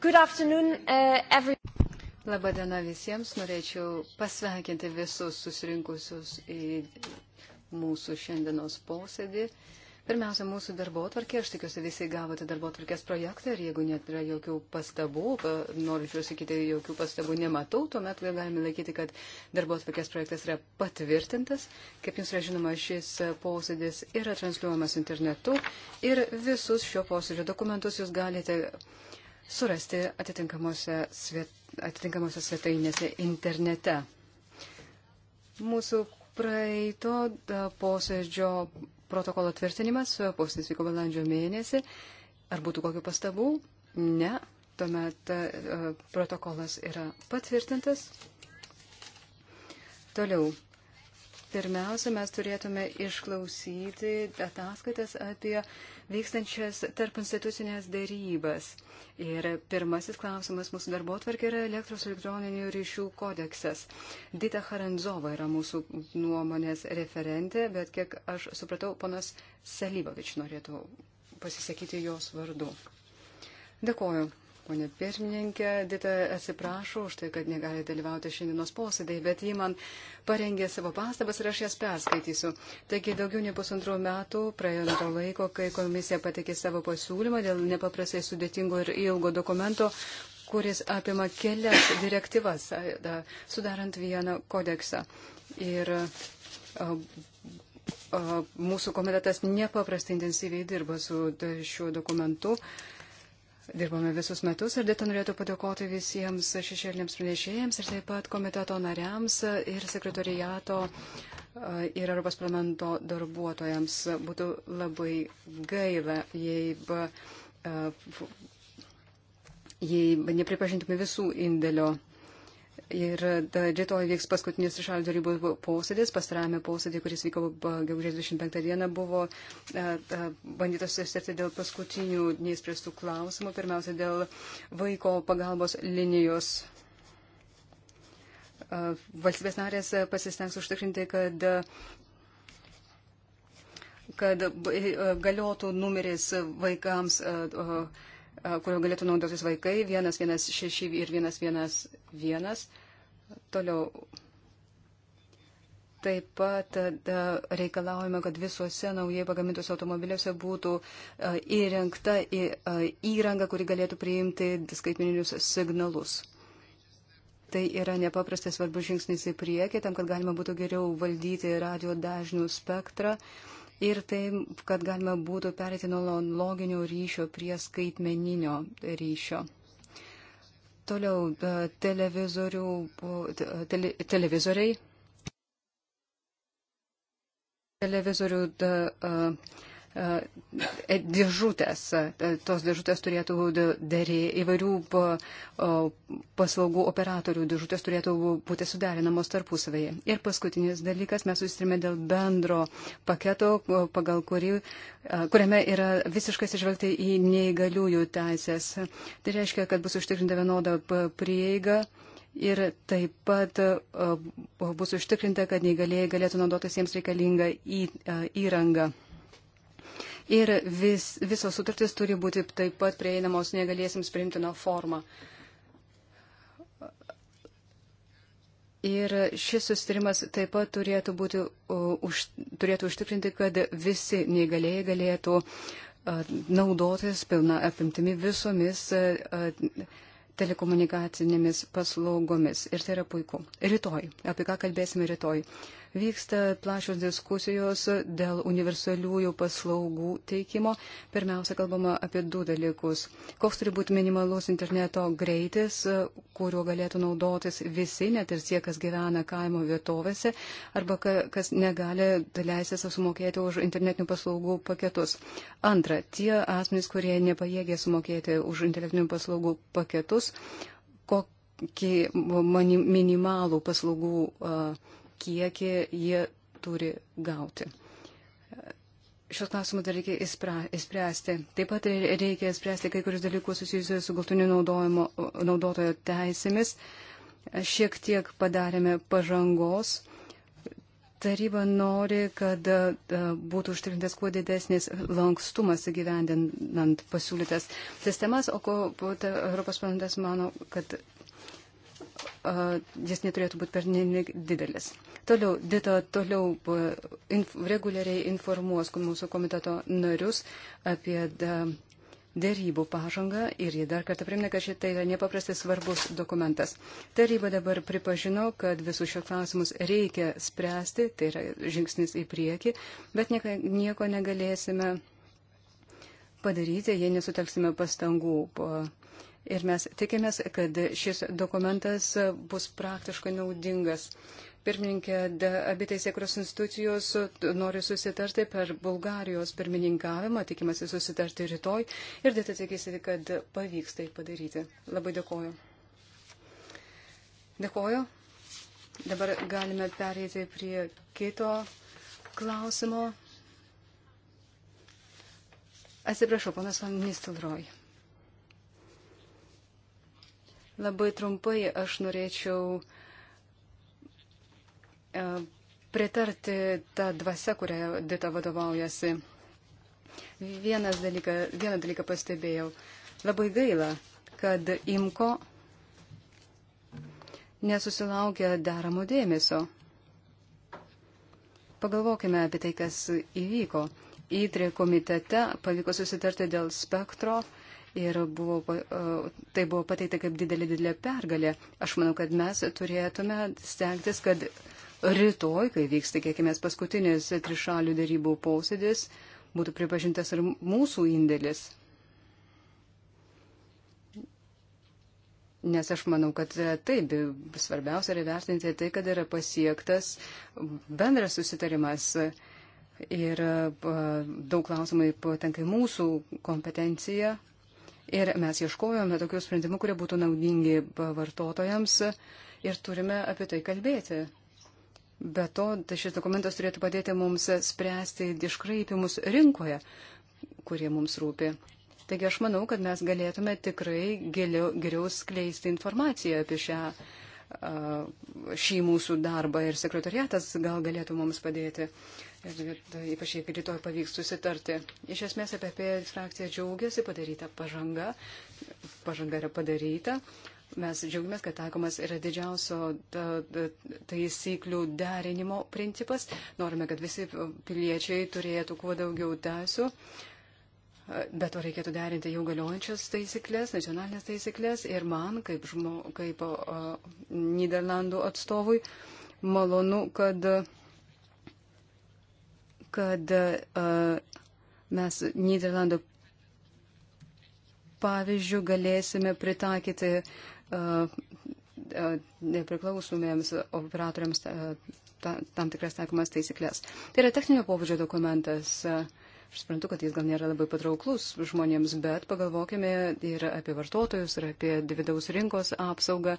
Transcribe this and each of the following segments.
Good afternoon, uh, every... Labadiena visiems, norėčiau pasveikinti visus susirinkusius į mūsų šiandienos posėdį. Pirmiausia, mūsų darbo tvarkė, aš tikiuosi visi gavote darbo tvarkės projektą ir jeigu nėra jokių pastabų, norinčių sakyti, jokių pastabų nematau, tuomet galime laikyti, kad darbo tvarkės projektas yra patvirtintas. Kaip jums yra žinoma, šis posėdis yra transliuojamas internetu ir visus šio posėdžio dokumentus jūs galite uh, surasti atitinkamose, svet, atitinkamose svetainėse internete. Mūsų praeito posėdžio protokolo tvirtinimas, posėdis vyko balandžio mėnesį. Ar būtų kokių pastabų? Ne. Tuomet e, e, protokolas yra patvirtintas. Toliau. Pirmiausia, mes turėtume išklausyti ataskaitas apie vykstančias tarp institucinės dėrybas. Ir pirmasis klausimas mūsų darbo tvarkė yra elektros elektroninių ryšių kodeksas. Dita Haranzova yra mūsų nuomonės referentė, bet kiek aš supratau, ponas Salibovič norėtų pasisakyti jos vardu. Dėkoju. Pone pirmininkė, Dita atsiprašau už tai, kad negali dalyvauti šiandienos posėdėje, bet ji man parengė savo pastabas ir aš jas perskaitysiu. Taigi daugiau nei pusantrų metų praėjo nuo to laiko, kai komisija patikė savo pasiūlymą dėl nepaprastai sudėtingo ir ilgo dokumento, kuris apima kelias direktyvas, sudarant vieną kodeksą. Ir mūsų komitetas nepaprastai intensyviai dirba su šiuo dokumentu. Uh, Dirbome visus metus ir Dita norėtų padėkoti visiems šešėliniams pranešėjams ir taip pat komiteto nariams ir sekretoriato e, ir Europos parlamento darbuotojams. Būtų labai gaila, jei, e, jei nepripažintume visų indėlio Ir rytoj vyks paskutinis šalių tarybų posėdis. Pastarame posėdį, kuris vyko gegužės 25 dieną, buvo e, e, bandytas susitarti dėl paskutinių neįspręstų klausimų. Pirmiausia, dėl vaiko pagalbos linijos. E, valstybės narės pasistengs užtikrinti, kad kad galiotų numeris vaikams. Uh, uh, kurio galėtų naudotis vaikai, 116 ir 111. Toliau. Taip pat reikalaujame, kad visuose naujai pagamintuose automobiliuose būtų įrengta įranga, kuri galėtų priimti skaitmeninius signalus. Tai yra nepaprastai svarbus žingsnis į priekį, tam, kad galima būtų geriau valdyti radio dažnių spektrą. Uh, ir tai, kad galima būtų perėti nuo analoginio ryšio prie skaitmeninio ryšio. Toliau e, e, tele, televizoriai. Televizorių da, a, e, E, dėžutės. E, tos dėžutės turėtų daryti įvairių paslaugų operatorių dėžutės turėtų būti suderinamos tarpusavėje. Ir paskutinis dalykas, mes susitrime dėl bendro paketo, pagal kurį, e, kuriame yra visiškai sižvelgti į neįgaliųjų teisės. Tai reiškia, kad bus užtikrinta vienoda prieiga. Ir taip pat bus užtikrinta, kad neįgalėjai galėtų naudotis jiems reikalingą įrangą ir vis, visos sutartys turi būti taip pat prieinamos negalėsims priimtino formą. Ir šis sustarimas taip pat turėtų, būti, už, turėtų užtikrinti, kad visi neįgalėjai galėtų naudotis pilna apimtimi visomis telekomunikacinėmis paslaugomis. Ir tai yra puiku. Rytoj. Apie ką kalbėsime rytoj. Uh, vyksta plačios diskusijos dėl universaliųjų paslaugų teikimo. Pirmiausia, kalbama apie du dalykus. Koks turi būti minimalus interneto greitis, kuriuo galėtų naudotis visi, net ir tie, kas gyvena kaimo vietovėse, arba kas negali leistis sumokėti už internetinių paslaugų paketus. Antra, tie asmenys, kurie nepajėgė sumokėti už internetinių paslaugų paketus, kokį minimalų paslaugų uh, kiekį jie turi gauti. Šios klausimus dar reikia įspręsti. Taip pat reikia spręsti kai kurius dalykus susijusius su galtiniu naudotojo teisėmis. Šiek tiek padarėme pažangos. Taryba nori, kad e, būtų užtikrintas kuo didesnis lankstumas įgyvendinant pasiūlytas sistemas, o ko Europos parlamentas mano, kad a, e, jis neturėtų būti pernelik didelis. Toliau, Dita toliau e, inf, reguliariai informuos mūsų komiteto narius apie da, e, dėrybų pažangą ir jį dar kartą priminė, kad šitai yra nepaprastai svarbus dokumentas. Taryba dabar pripažino, kad visus šios klausimus reikia spręsti, tai yra žingsnis į priekį, bet nieko, nieko negalėsime padaryti, jei nesutelksime pastangų. Ir mes tikimės, kad šis dokumentas bus praktiškai naudingas pirmininkė, abi teisėkros institucijos nori susitarti per Bulgarijos pirmininkavimą, tikimasi susitarti rytoj ir dėta tikisi, kad pavyks tai padaryti. Labai dėkoju. Dėkoju. Dabar galime perėti prie kito klausimo. Atsiprašau, ponas Van Nistelroj. Labai trumpai aš norėčiau E, pritarti tą dvasę, kurią Dita vadovaujasi. Vienas dalyką, vieną dalyką pastebėjau. Labai gaila, kad Imko nesusilaukia deramo dėmesio. Pagalvokime apie tai, kas įvyko. Įtrė komitete pavyko susitarti dėl spektro ir buvo, e, tai buvo pateikta kaip didelė, didelė pergalė. Aš manau, kad mes turėtume stengtis, kad rytoj, kai vyks, tikėkime, paskutinis trišalių darybų posėdis, būtų pripažintas ir mūsų indėlis. Nes aš manau, kad e, taip, svarbiausia yra vertinti tai, kad yra pasiektas bendras susitarimas ir e, daug klausimai patenka į mūsų kompetenciją. Ir mes ieškojome tokių sprendimų, kurie būtų naudingi vartotojams ir turime apie tai kalbėti. Be to, tai šis dokumentas turėtų padėti mums spręsti iškraipimus rinkoje, kurie mums rūpi. Taigi aš manau, kad mes galėtume tikrai geriau, geriau skleisti informaciją apie šią, šį mūsų darbą ir sekretariatas gal galėtų mums padėti. Ir tai ypač jeigu rytoj pavyks susitarti. Iš esmės apie, apie frakciją džiaugiasi padaryta pažanga. Pažanga yra padaryta. Mes džiaugiamės, kad taikomas yra didžiausio taisyklių derinimo principas. Norime, kad visi piliečiai turėtų kuo daugiau teisų. Bet to reikėtų derinti jau galiojančias taisyklės, nacionalinės taisyklės ir man, kaip, žmo, kaip o, o, Niderlandų atstovui, malonu, kad, kad o, mes Niderlandų pavyzdžių galėsime pritaikyti nepriklausomiems operatoriams tam tikras taikomas taisyklės. Tai yra techninio pobūdžio dokumentas. Aš suprantu, kad jis gal nėra labai patrauklus žmonėms, bet pagalvokime ir apie vartotojus, ir apie vidaus rinkos apsaugą.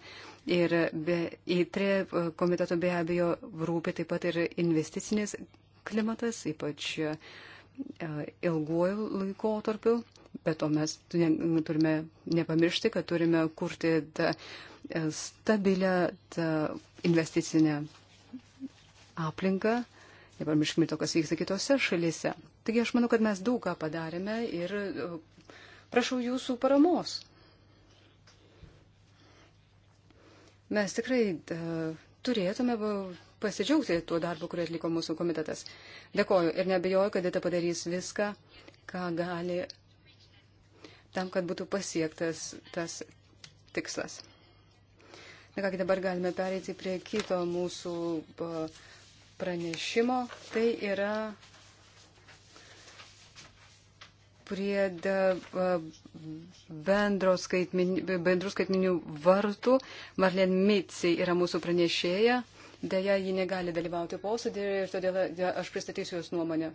Ir be, įtrė komiteto be abejo rūpi taip pat ir investicinis klimatas, ypač uh, E, ilguoju laikotarpiu, bet o mes turime nepamiršti, kad turime kurti tą e, stabilę tą investicinę aplinką. Nepamirškime to, kas vyksta kitose šalyse. Taigi aš manau, kad mes daug ką padarėme ir e, prašau jūsų paramos. Mes tikrai turėtume pasidžiaugti tuo darbu, kurį atliko mūsų komitetas. Dėkoju ir nebejoju, kad Dita padarys viską, ką gali, tam, kad būtų pasiektas tas tikslas. Na kągi dabar galime pereiti prie kito mūsų pranešimo. Tai yra prie bendrų skaitminių vartų. Marlen Mitsi yra mūsų pranešėja. Deja, ji negali dalyvauti posėdėje ir todėl aš pristatysiu jos nuomonę.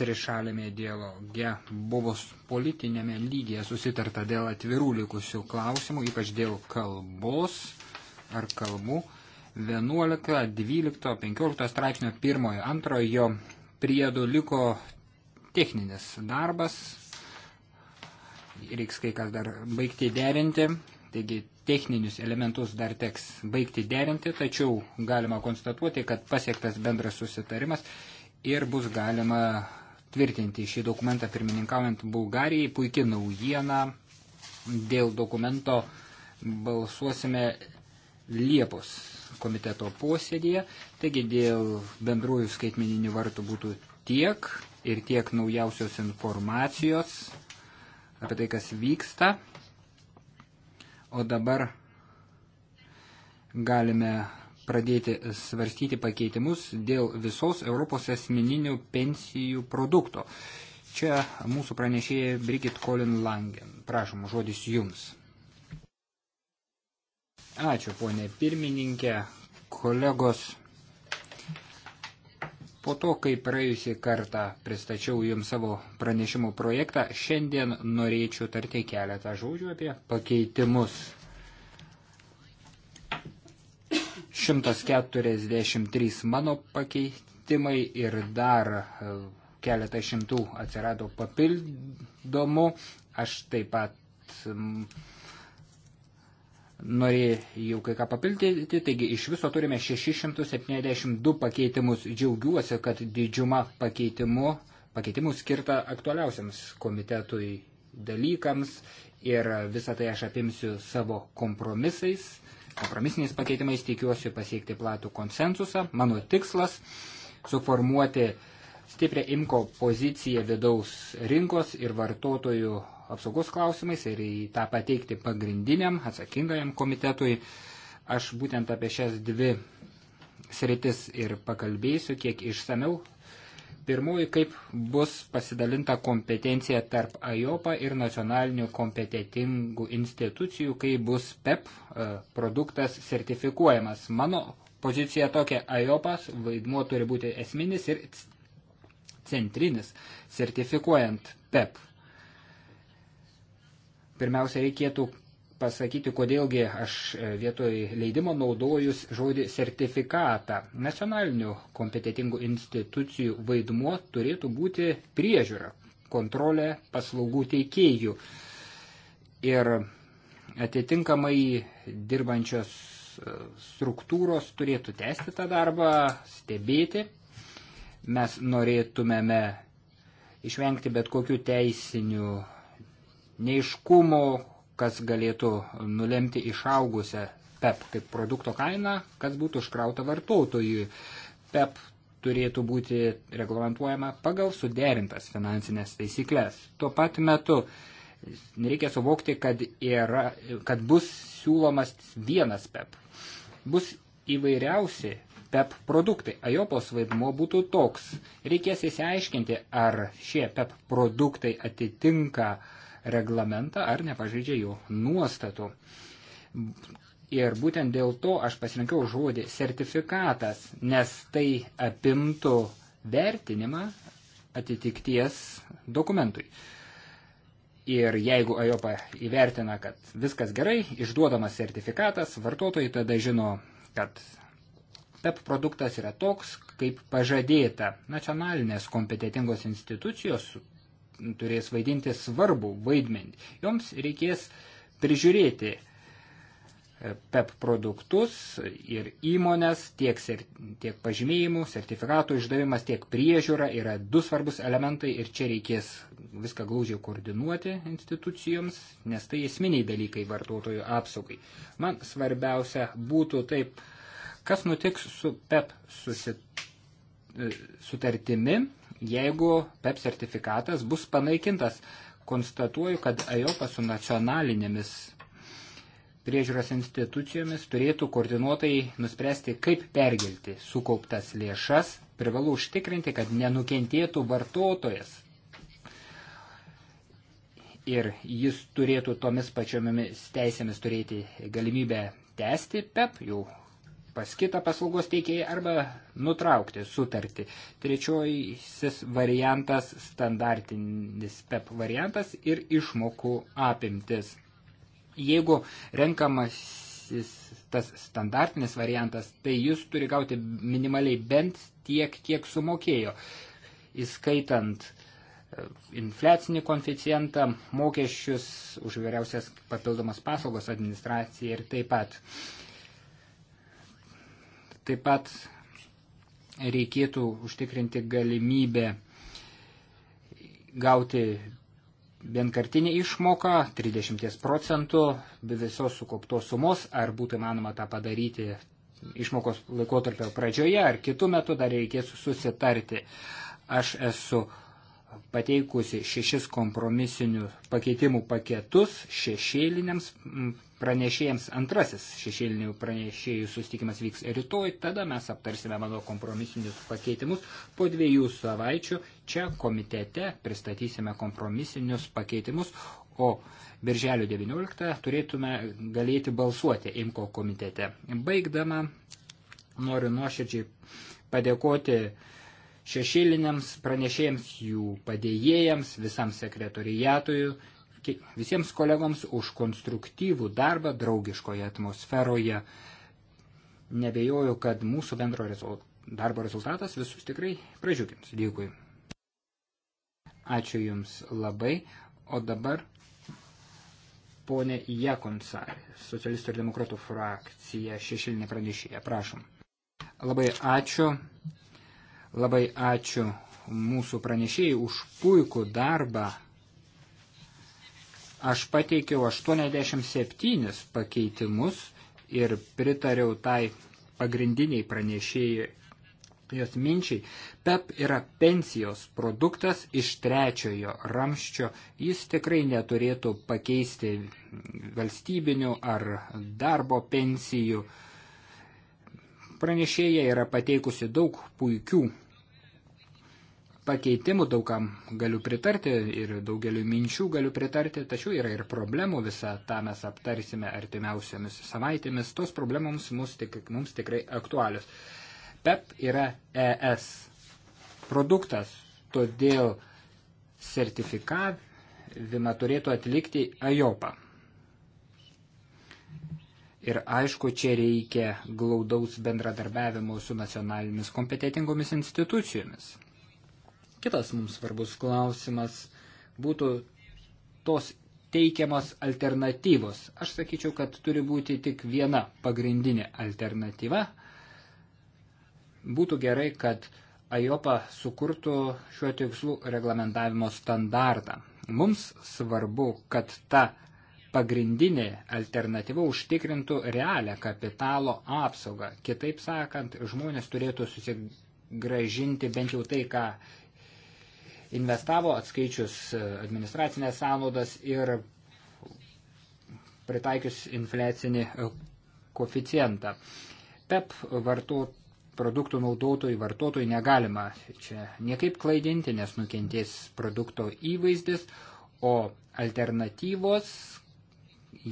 Trišalėme dialoge buvo politinėme lygyje susitarta dėl atvirų likusių klausimų, ypač dėl kalbos ar kalbų. 11, 12, 15 straipsnio 1, 2 jo priedų liko techninis darbas, reiks kai kas dar baigti derinti, taigi techninius elementus dar teks baigti derinti, tačiau galima konstatuoti, kad pasiektas bendras susitarimas ir bus galima tvirtinti šį dokumentą pirmininkaujant Bulgarijai. Puikia naujiena dėl dokumento balsuosime Liepos komiteto posėdėje. Taigi dėl bendrųjų skaitmeninių vartų būtų tiek ir tiek naujausios informacijos apie tai, kas vyksta. O dabar galime pradėti svarstyti pakeitimus dėl visos Europos asmeninių pensijų produkto. Čia mūsų pranešėja Brigit Colin Langen. Prašom, žodis jums. Ačiū, ponė pirmininkė, kolegos. Po to, kai praėjusį kartą pristačiau Jums savo pranešimų projektą, šiandien norėčiau tarti keletą žodžių apie pakeitimus. 143 mano pakeitimai ir dar e, keletą šimtų atsirado papildomų. Aš taip pat norėjau kai ką papildyti, taigi iš viso turime 672 pakeitimus. Džiaugiuosi, kad didžiuma pakeitimų, pakeitimų skirta aktualiausiams komitetui dalykams ir visą tai aš apimsiu savo kompromisais. Kompromisiniais pakeitimais tikiuosi pasiekti platų konsensusą. Mano tikslas suformuoti stiprią imko poziciją vidaus rinkos ir vartotojų apsaugos klausimais ir į tą pateikti pagrindiniam atsakingajam komitetui. Aš būtent apie šias dvi sritis ir pakalbėsiu kiek išsameu. Pirmoji, kaip bus pasidalinta kompetencija tarp AJOPA ir nacionalinių kompetitingų institucijų, kai bus PEP e e, produktas sertifikuojamas. Mano pozicija tokia AJOPAS vaidmuo turi būti esminis ir centrinis sertifikuojant PEP e Pirmiausia, reikėtų pasakyti, kodėlgi aš e, vietoj leidimo naudojus žodį sertifikatą. Nacionalinių kompetitingų institucijų vaidmuo turėtų būti priežiūra, kontrolė paslaugų teikėjų. Ir atitinkamai dirbančios e, struktūros turėtų tęsti tą darbą, stebėti. Mes norėtumėme išvengti bet kokių teisinių neiškumo, kas galėtų nulemti išaugusią PEP kaip produkto kainą, kas būtų užkrauta vartotojui. PEP turėtų būti reglamentuojama pagal suderintas finansinės taisyklės. Tuo pat metu nereikia suvokti, kad, yra, kad bus siūlomas vienas PEP. Bus įvairiausi PEP produktai. Ajopos vaidmuo būtų toks. Reikės įsiaiškinti, ar šie PEP produktai atitinka uh, reglamentą ar nepažeidžia jo nuostatų. Ir būtent dėl to aš pasirinkau žodį sertifikatas, nes tai apimtų vertinimą atitikties dokumentui. Ir jeigu AJOPA įvertina, kad viskas gerai, išduodamas sertifikatas, vartotojai tada žino, kad PEP e produktas yra toks, kaip pažadėta. Nacionalinės kompetitingos institucijos turės vaidinti svarbų vaidmenį. Joms reikės prižiūrėti e, PEP produktus ir įmonės, tiek, tiek pažymėjimų, sertifikatų išdavimas, tiek priežiūra yra du svarbus elementai ir čia reikės viską glaudžiai koordinuoti institucijoms, nes tai esminiai dalykai vartotojų apsaugai. Man svarbiausia būtų taip, kas nutiks su PEP susitartimi, e, jeigu PEP sertifikatas bus panaikintas. Konstatuoju, kad AJOPA su nacionalinėmis priežiūros institucijomis turėtų koordinuotai nuspręsti, kaip pergelti sukauptas lėšas. Privalu užtikrinti, kad nenukentėtų vartotojas. Ir jis turėtų tomis pačiomis teisėmis turėti galimybę tęsti PEP, jau pas kitą paslaugos teikėją arba nutraukti sutartį. Trečiojisis variantas - standartinis PEP e variantas ir išmokų apimtis. Jeigu renkamas tas standartinis variantas, tai jis turi gauti minimaliai bent tiek, kiek sumokėjo, įskaitant e, infliacinį koeficientą, mokesčius už vyriausias papildomas paslaugos administraciją ir taip pat. Uh, Taip pat reikėtų užtikrinti galimybę gauti vienkartinį išmoką 30 procentų visos sukauptos sumos, ar būtų manoma tą padaryti išmokos laikotarpio pradžioje ar kitų metų dar reikės susitarti. Aš esu pateikusi šešis kompromisinių pakeitimų paketus šešėliniams pranešėjams antrasis šešėlinių pranešėjų sustikimas vyks rytoj, tada mes aptarsime mano kompromisinius pakeitimus. Po dviejų savaičių čia komitete pristatysime kompromisinius pakeitimus, o birželio 19 turėtume galėti balsuoti IMKO komitete. Baigdama noriu nuoširdžiai padėkoti šešėliniams pranešėjams, jų padėjėjams, visam sekretorijatui visiems kolegoms už konstruktyvų darbą draugiškoje atmosferoje. Nebejoju, kad mūsų bendro rezultato, darbo rezultatas visus tikrai pradžiugins. Dėkui. Ačiū Jums labai. O dabar ponė Jekonsarė, socialistų ir demokratų frakcija, šešilinė pranešėja. Prašom. Labai ačiū. Labai ačiū mūsų pranešėjai už puikų darbą. Aš pateikiau 87 pakeitimus ir pritariau tai pagrindiniai pranešėjai jos minčiai. PEP yra pensijos produktas iš trečiojo ramščio. Jis tikrai neturėtų pakeisti valstybinių ar darbo pensijų. Pranešėja yra pateikusi daug puikių pakeitimų daugam galiu pritarti ir daugeliu minčių galiu pritarti, tačiau yra ir problemų, visą tą mes aptarsime artimiausiamis savaitėmis, tos problemoms mums, tik, mums tikrai aktualius. PEP yra ES produktas, todėl sertifikavimą turėtų atlikti AJOPA. Ir aišku, čia reikia glaudaus bendradarbiavimo su nacionalinėmis kompetitingomis institucijomis. Kitas mums svarbus klausimas būtų tos teikiamos alternatyvos. Aš sakyčiau, kad turi būti tik viena pagrindinė alternatyva. Būtų gerai, kad AJOPA sukurtų šiuo tikslu reglamentavimo standartą. Mums svarbu, kad ta pagrindinė alternatyva užtikrintų realią kapitalo apsaugą. Kitaip sakant, žmonės turėtų susigražinti bent jau tai, ką investavo atskaičius e, administracinės sąnaudas ir pritaikius infliacinį e, koficijantą. PEP vartot, produktų naudotojų vartotojų negalima čia niekaip klaidinti, nes nukentės produkto įvaizdis, o alternatyvos,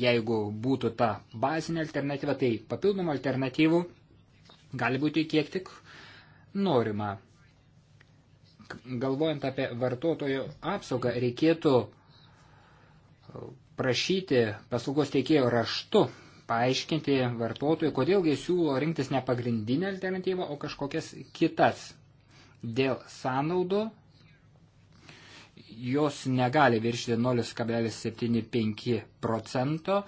jeigu būtų ta bazinė alternatyva, tai papildomų alternatyvų gali būti kiek tik norima galvojant apie vartotojo apsaugą, reikėtų prašyti paslaugos teikėjo raštu paaiškinti vartotojui, kodėlgi siūlo rinktis ne pagrindinę alternatyvą, o kažkokias kitas. Dėl sąnaudų jos negali viršyti 0,75 procento,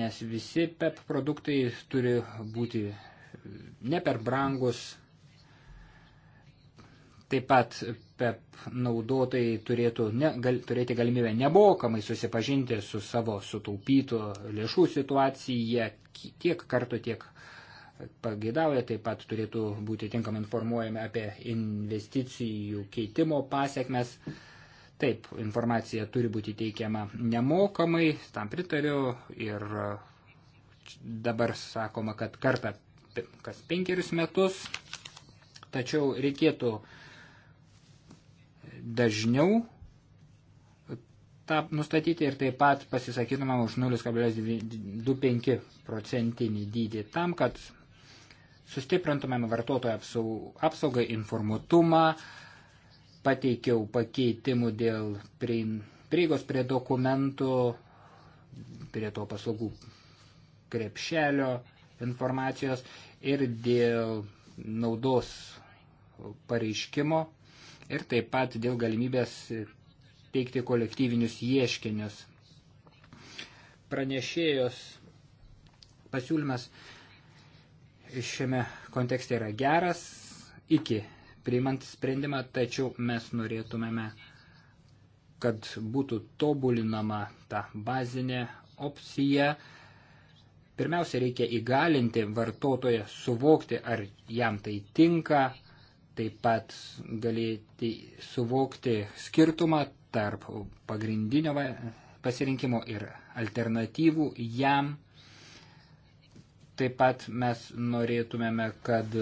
nes visi PEP produktai turi būti ne per brangus Taip pat PEP naudotojai turėtų ne, gal, turėti galimybę nemokamai susipažinti su savo sutaupytų lėšų situacija tiek kartų, tiek pageidauja. Taip pat turėtų būti tinkamai informuojami apie investicijų keitimo pasiekmes. Taip, informacija turi būti teikiama nemokamai, tam pritariu ir dabar sakoma, kad kartą kas penkerius metus, tačiau reikėtų uh, dažniau tą nustatyti ir taip pat pasisakytumėm už 0,25 procentinį dydį tam, kad sustiprintumėm vartotojo apsaugą, informuotumą, pateikiau pakeitimų dėl prieigos prie dokumentų, prie to paslaugų krepšelio informacijos ir dėl naudos pareiškimo ir taip pat dėl galimybės teikti kolektyvinius ieškinius. Pranešėjos pasiūlymas šiame kontekste yra geras iki priimant sprendimą, tačiau mes norėtumėme, kad būtų tobulinama ta bazinė opcija. Pirmiausia, reikia įgalinti vartotoją suvokti, ar jam tai tinka, taip pat galėti suvokti skirtumą tarp pagrindinio pasirinkimo ir alternatyvų jam. Taip pat mes norėtumėme, kad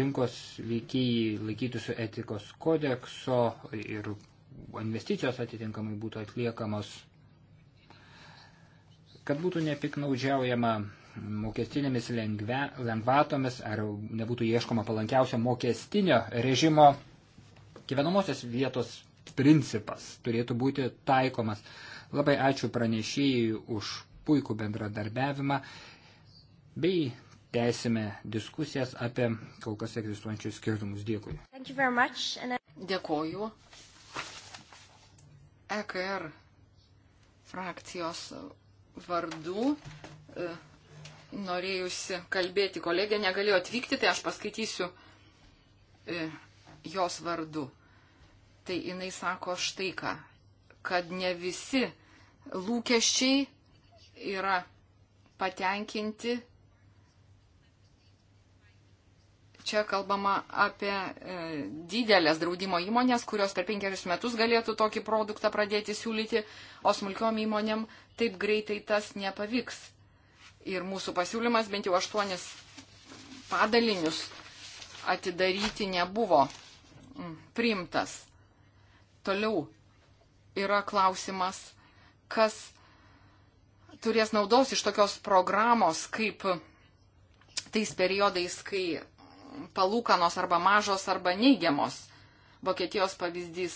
rinkos veikėjai laikytųsi etikos kodekso ir investicijos atitinkamai būtų atliekamos, kad būtų nepiknaudžiaujama mokestinėmis lengve, lengvatomis, ar nebūtų ieškoma palankiausio mokestinio režimo, gyvenamosios vietos principas turėtų būti taikomas. Labai ačiū pranešėjai už puikų bendradarbiavimą bei tęsime diskusijas apie kol kas egzistuojančius skirtumus. Dėkui. Dėkoju. EKR frakcijos vardu. Uh norėjusi kalbėti kolegė, negalėjo atvykti, tai aš paskaitysiu e, jos vardu. Tai jinai sako štai ką, kad ne visi lūkesčiai yra patenkinti. Čia kalbama apie e, didelės draudimo įmonės, kurios per penkerius metus galėtų tokį produktą pradėti siūlyti, o smulkiom įmonėm taip greitai tas nepavyks. Ir mūsų pasiūlymas bent jau aštuonis padalinius atidaryti nebuvo mm, priimtas. Toliau yra klausimas, kas turės naudos iš tokios programos, kaip tais periodais, kai palūkanos arba mažos arba neigiamos. Vokietijos pavyzdys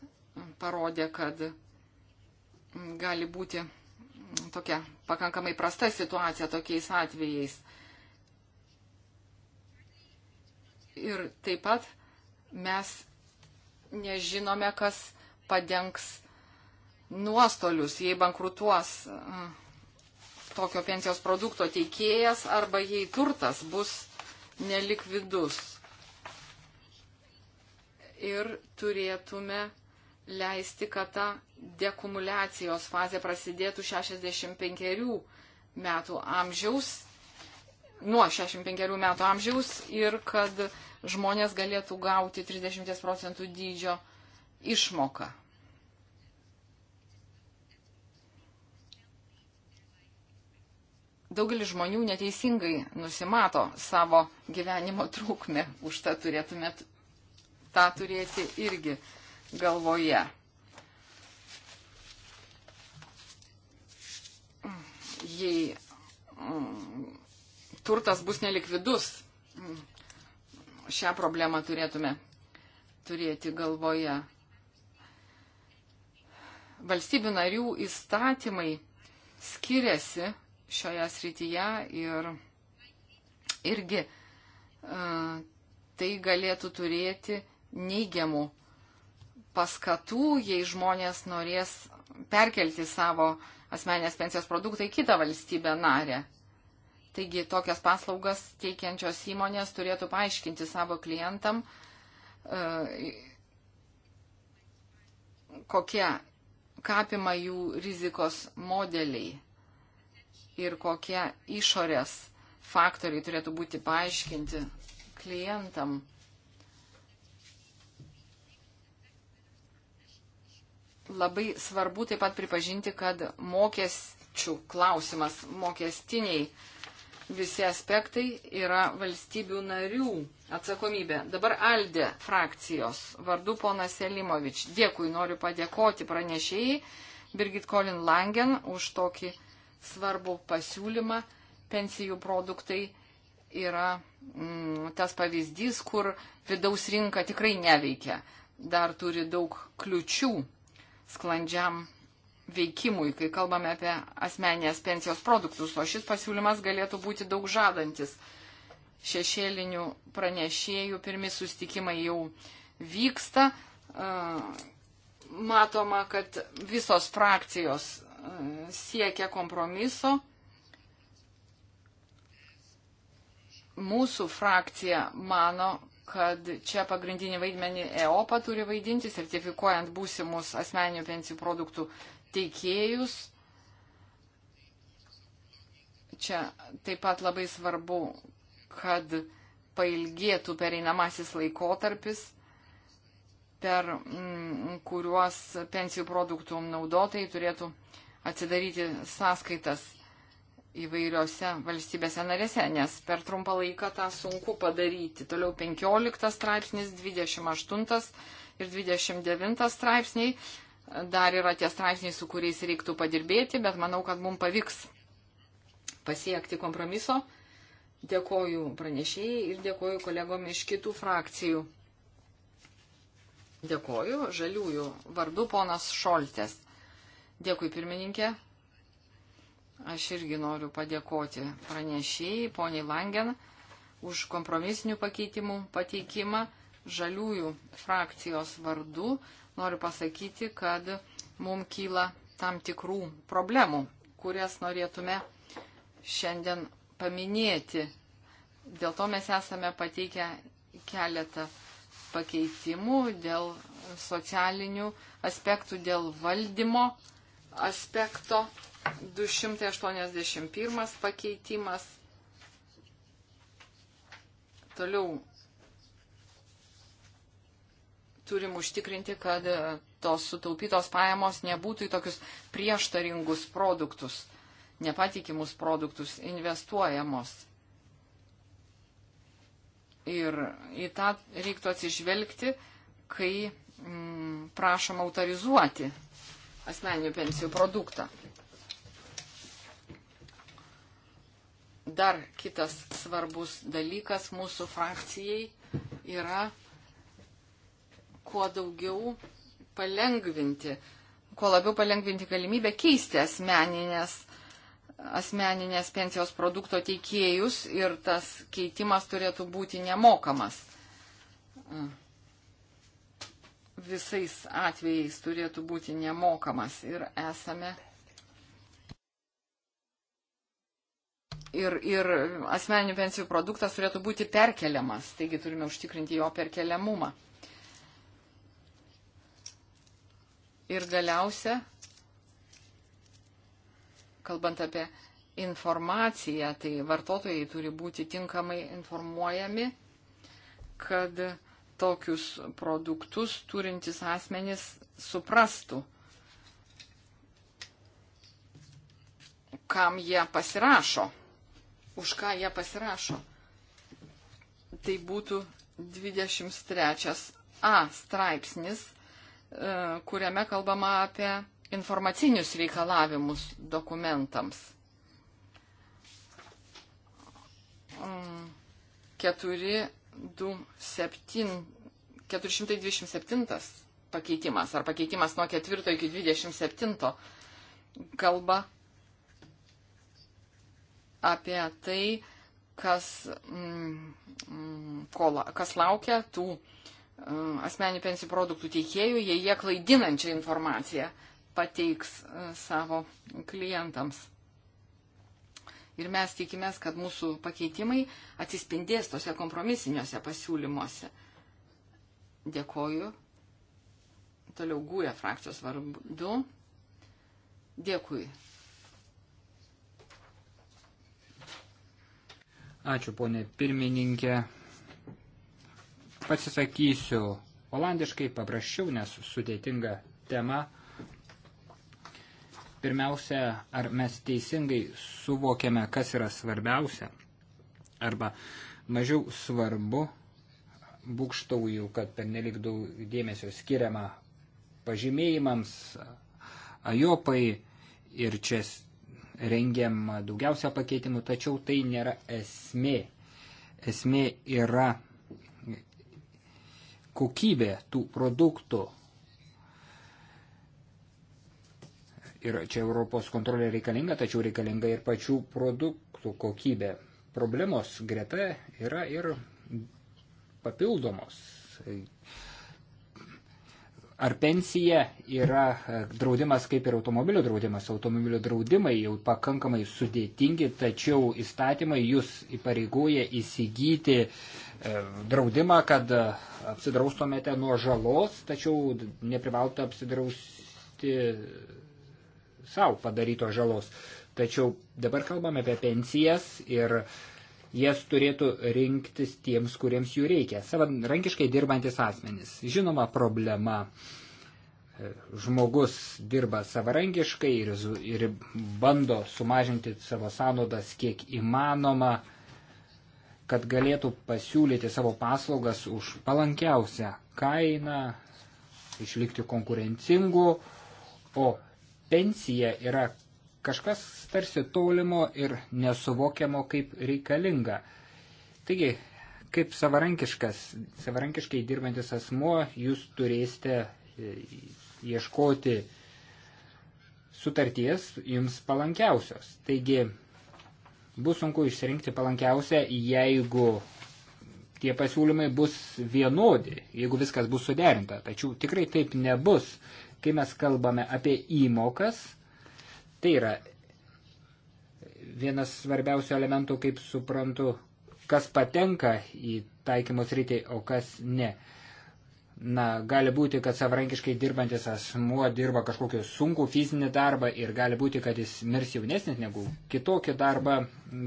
mm, parodė, kad mm, gali būti tokia pakankamai prasta situacija tokiais atvejais. Ir taip pat mes nežinome, kas padengs nuostolius, jei bankrutuos mm, tokio pensijos produkto teikėjas arba jei turtas bus nelikvidus. Ir turėtume leisti, kad ta dekumulacijos fazė prasidėtų 65 metų amžiaus, nuo 65 metų amžiaus ir kad žmonės galėtų gauti 30 procentų dydžio išmoką. Daugelis žmonių neteisingai nusimato savo gyvenimo trukmę, už tą turėtumėt tą turėti irgi galvoje. Jei mm, turtas bus nelikvidus, mm, šią problemą turėtume turėti galvoje. Valstybių narių įstatymai skiriasi šioje srityje ir irgi uh, tai galėtų turėti neigiamų uh, paskatų, jei žmonės norės perkelti savo asmenės pensijos produktą į kitą valstybę narę. Taigi tokias paslaugas teikiančios įmonės turėtų paaiškinti savo klientam, e, kokie kapima jų rizikos modeliai ir kokie išorės faktoriai turėtų būti paaiškinti klientam. labai svarbu taip pat pripažinti, kad mokesčių klausimas, mokestiniai visi aspektai yra valstybių narių atsakomybė. Dabar Aldė frakcijos vardu ponas Selimovič. Dėkui, noriu padėkoti pranešėjai Birgit Kolin Langen už tokį svarbų pasiūlymą. Pensijų produktai yra mm, tas pavyzdys, kur vidaus rinka tikrai neveikia. Dar turi daug kliučių sklandžiam veikimui, kai kalbame apie asmenės pensijos produktus, o šis pasiūlymas galėtų būti daug žadantis. Šešėlinių pranešėjų pirmi sustikimai jau vyksta. Matoma, kad visos frakcijos siekia kompromiso. Mūsų frakcija mano, kad čia pagrindinį vaidmenį EOPA turi vaidinti, sertifikuojant būsimus asmeninių pensijų produktų teikėjus. Čia taip pat labai svarbu, kad pailgėtų pereinamasis laikotarpis, per mm, kuriuos pensijų produktų naudotojai turėtų atsidaryti sąskaitas įvairiose valstybėse narėse, nes per trumpą laiką tą sunku padaryti. Toliau 15 straipsnis, 28 ir 29 straipsniai. Dar yra tie straipsniai, su kuriais reiktų padirbėti, bet manau, kad mums pavyks pasiekti kompromiso. Dėkoju pranešėjai ir dėkoju kolegom iš kitų frakcijų. Dėkoju žaliųjų vardu ponas Šoltės. Dėkui pirmininkė. Aš irgi noriu padėkoti pranešėjai, poniai Langen, už kompromisinių pakeitimų pateikimą žaliųjų frakcijos vardu. Noriu pasakyti, kad mums kyla tam tikrų problemų, kurias norėtume šiandien paminėti. Dėl to mes esame pateikę keletą pakeitimų dėl socialinių aspektų, dėl valdymo aspekto 281 pakeitimas. Toliau turim užtikrinti, kad e, tos sutaupytos pajamos nebūtų į tokius prieštaringus produktus, nepatikimus produktus investuojamos. Ir į tą reiktų atsižvelgti, kai mm, prašom autorizuoti asmeninių pensijų produktą. dar kitas svarbus dalykas mūsų frakcijai yra kuo daugiau palengvinti, kuo labiau palengvinti galimybę keisti asmeninės, asmeninės pensijos produkto teikėjus ir tas keitimas turėtų būti nemokamas. Visais atvejais turėtų būti nemokamas ir esame ir, ir asmeninių pensijų produktas turėtų būti perkeliamas, taigi turime užtikrinti jo perkeliamumą. Ir galiausia, kalbant apie informaciją, tai vartotojai turi būti tinkamai informuojami, kad tokius produktus turintis asmenys suprastų, kam jie pasirašo už ką jie pasirašo. Tai būtų 23 A straipsnis, e, kuriame kalbama apie informacinius reikalavimus dokumentams. 427, mm, 427 pakeitimas ar pakeitimas nuo 4 iki 27 kalba apie tai, kas, mm, mm ko, kas laukia tų mm, asmeninių pensijų produktų teikėjų, jei jie klaidinančią informaciją pateiks e, savo klientams. Ir mes tikimės, kad mūsų pakeitimai atsispindės tose kompromisiniuose pasiūlymuose. Dėkoju. Toliau gūja frakcijos vardu. Dėkui Ačiū, ponė pirmininkė. Pasisakysiu olandiškai, paprasčiau, nes sudėtinga tema. Pirmiausia, ar mes teisingai suvokiame, kas yra svarbiausia, arba mažiau svarbu, būkštauju, kad per nelik daug dėmesio skiriama pažymėjimams, ajopai ir čia rengiama daugiausia pakeitimų, tačiau tai nėra esmė. Esmė yra kokybė tų produktų. Ir čia Europos kontrolė reikalinga, tačiau reikalinga ir pačių produktų kokybė. Problemos greta yra ir papildomos Ar pensija yra e, draudimas kaip ir automobilio draudimas? Automobilio draudimai jau pakankamai sudėtingi, tačiau įstatymai jūs įpareigoja įsigyti e, draudimą, kad e, apsidraustumėte nuo žalos, tačiau neprivalote apsidrausti savo padarytos žalos. Tačiau dabar kalbame apie pensijas ir uh, jas turėtų rinktis tiems, kuriems jų reikia. Savarankiškai dirbantis asmenys. Žinoma, problema e, žmogus dirba savarankiškai ir, ir bando sumažinti savo sąnaudas kiek įmanoma, kad galėtų pasiūlyti savo paslaugas už palankiausią kainą, išlikti konkurencingu, o pensija yra Kažkas tarsi tolimo ir nesuvokiamo kaip reikalinga. Taigi, kaip savarankiškas, savarankiškai dirbantis asmuo, jūs turėsite e, ieškoti sutarties jums palankiausios. Taigi, bus sunku išsirinkti palankiausią, jeigu tie pasiūlymai bus vienodi, jeigu viskas bus suderinta. Tačiau tikrai taip nebus. Kai mes kalbame apie įmokas, Tai yra vienas svarbiausių elementų, kaip suprantu, kas patenka į taikymus rytį, o kas ne. Na, gali būti, kad savarankiškai dirbantis asmuo dirba kažkokį sunkų fizinį darbą ir gali būti, kad jis mirs jaunesnis negu kitokį darbą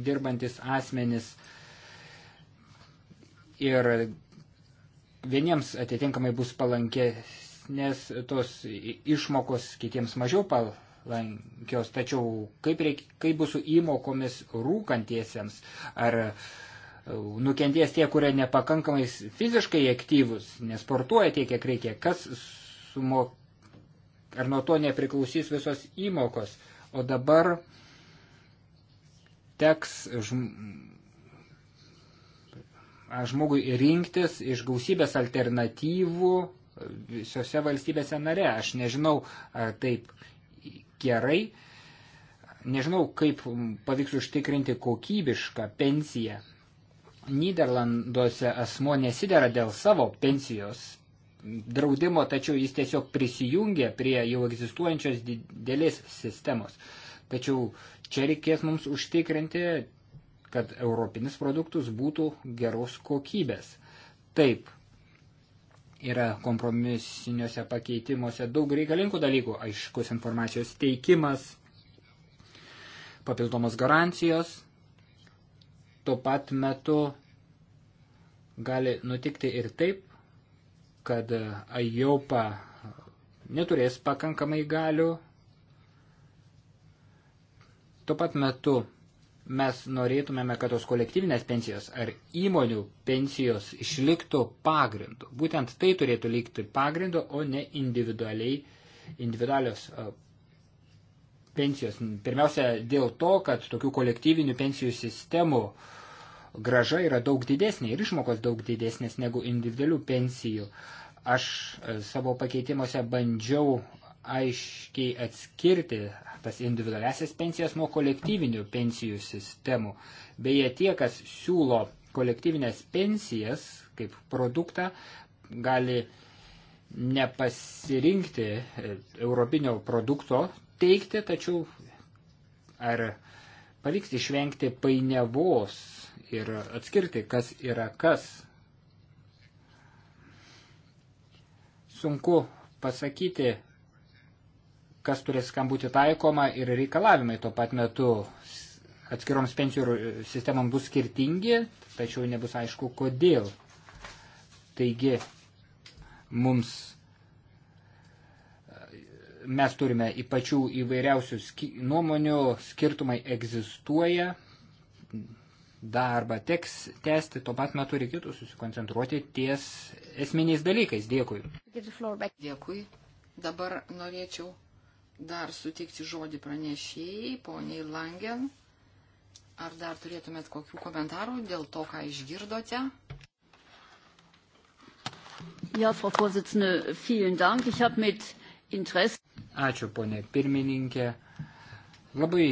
dirbantis asmenis. Ir vieniems atitinkamai bus palankesnės tos išmokos, kitiems mažiau palankesnės palankios, tačiau kaip, reik, kaip bus su įmokomis rūkantiesiems, ar e, nukenties tie, kurie nepakankamai fiziškai aktyvus, nesportuoja tiek, kiek reikia, kas sumok, ar nuo to nepriklausys visos įmokos, o dabar teks žm... žmogui rinktis iš gausybės alternatyvų e, visose valstybėse nare. Aš nežinau, ar taip gerai. Nežinau, kaip pavyks užtikrinti kokybišką pensiją. Niderlanduose asmo nesidera dėl savo pensijos draudimo, tačiau jis tiesiog prisijungia prie jau egzistuojančios didelės sistemos. Tačiau čia reikės mums užtikrinti, kad europinis produktus būtų geros kokybės. Taip, yra kompromisiniuose pakeitimuose daug reikalingų dalykų, aiškus informacijos teikimas, papildomos garantijos. Tuo pat metu gali nutikti ir taip, kad AJOPA neturės pakankamai galių. Tuo pat metu Mes norėtumėme, kad tos kolektyvinės pensijos ar įmonių pensijos išliktų pagrindu. Būtent tai turėtų likti pagrindu, o ne individualiai, individualios pensijos. Pirmiausia, dėl to, kad tokių kolektyvinių pensijų sistemų graža yra daug didesnė ir išmokos daug didesnės negu individualių pensijų. Aš savo pakeitimuose bandžiau aiškiai atskirti tas individualiasias pensijas nuo kolektyvinių pensijų sistemų. Beje, tie, kas siūlo kolektyvinės pensijas kaip produktą, gali nepasirinkti e, europinio produkto teikti, tačiau ar pavyks išvengti painiavos ir atskirti, kas yra kas. Sunku pasakyti, kas turės kam būti taikoma ir reikalavimai tuo pat metu atskiroms pensijų sistemam bus skirtingi, tačiau nebus aišku kodėl. Taigi, mums mes turime į pačių įvairiausių ski, nuomonių, skirtumai egzistuoja, darbą teks tęsti, tuo pat metu reikėtų susikoncentruoti ties esminiais dalykais. Dėkui. Dėkui. Dabar norėčiau dar suteikti žodį pranešėjai, poniai Langen. Ar dar turėtumėt kokių komentarų dėl to, ką išgirdote? Ja, Frau Vorsitzende, vielen Dank. Ich habe mit Interesse. Ačiū, ponė pirmininkė. Labai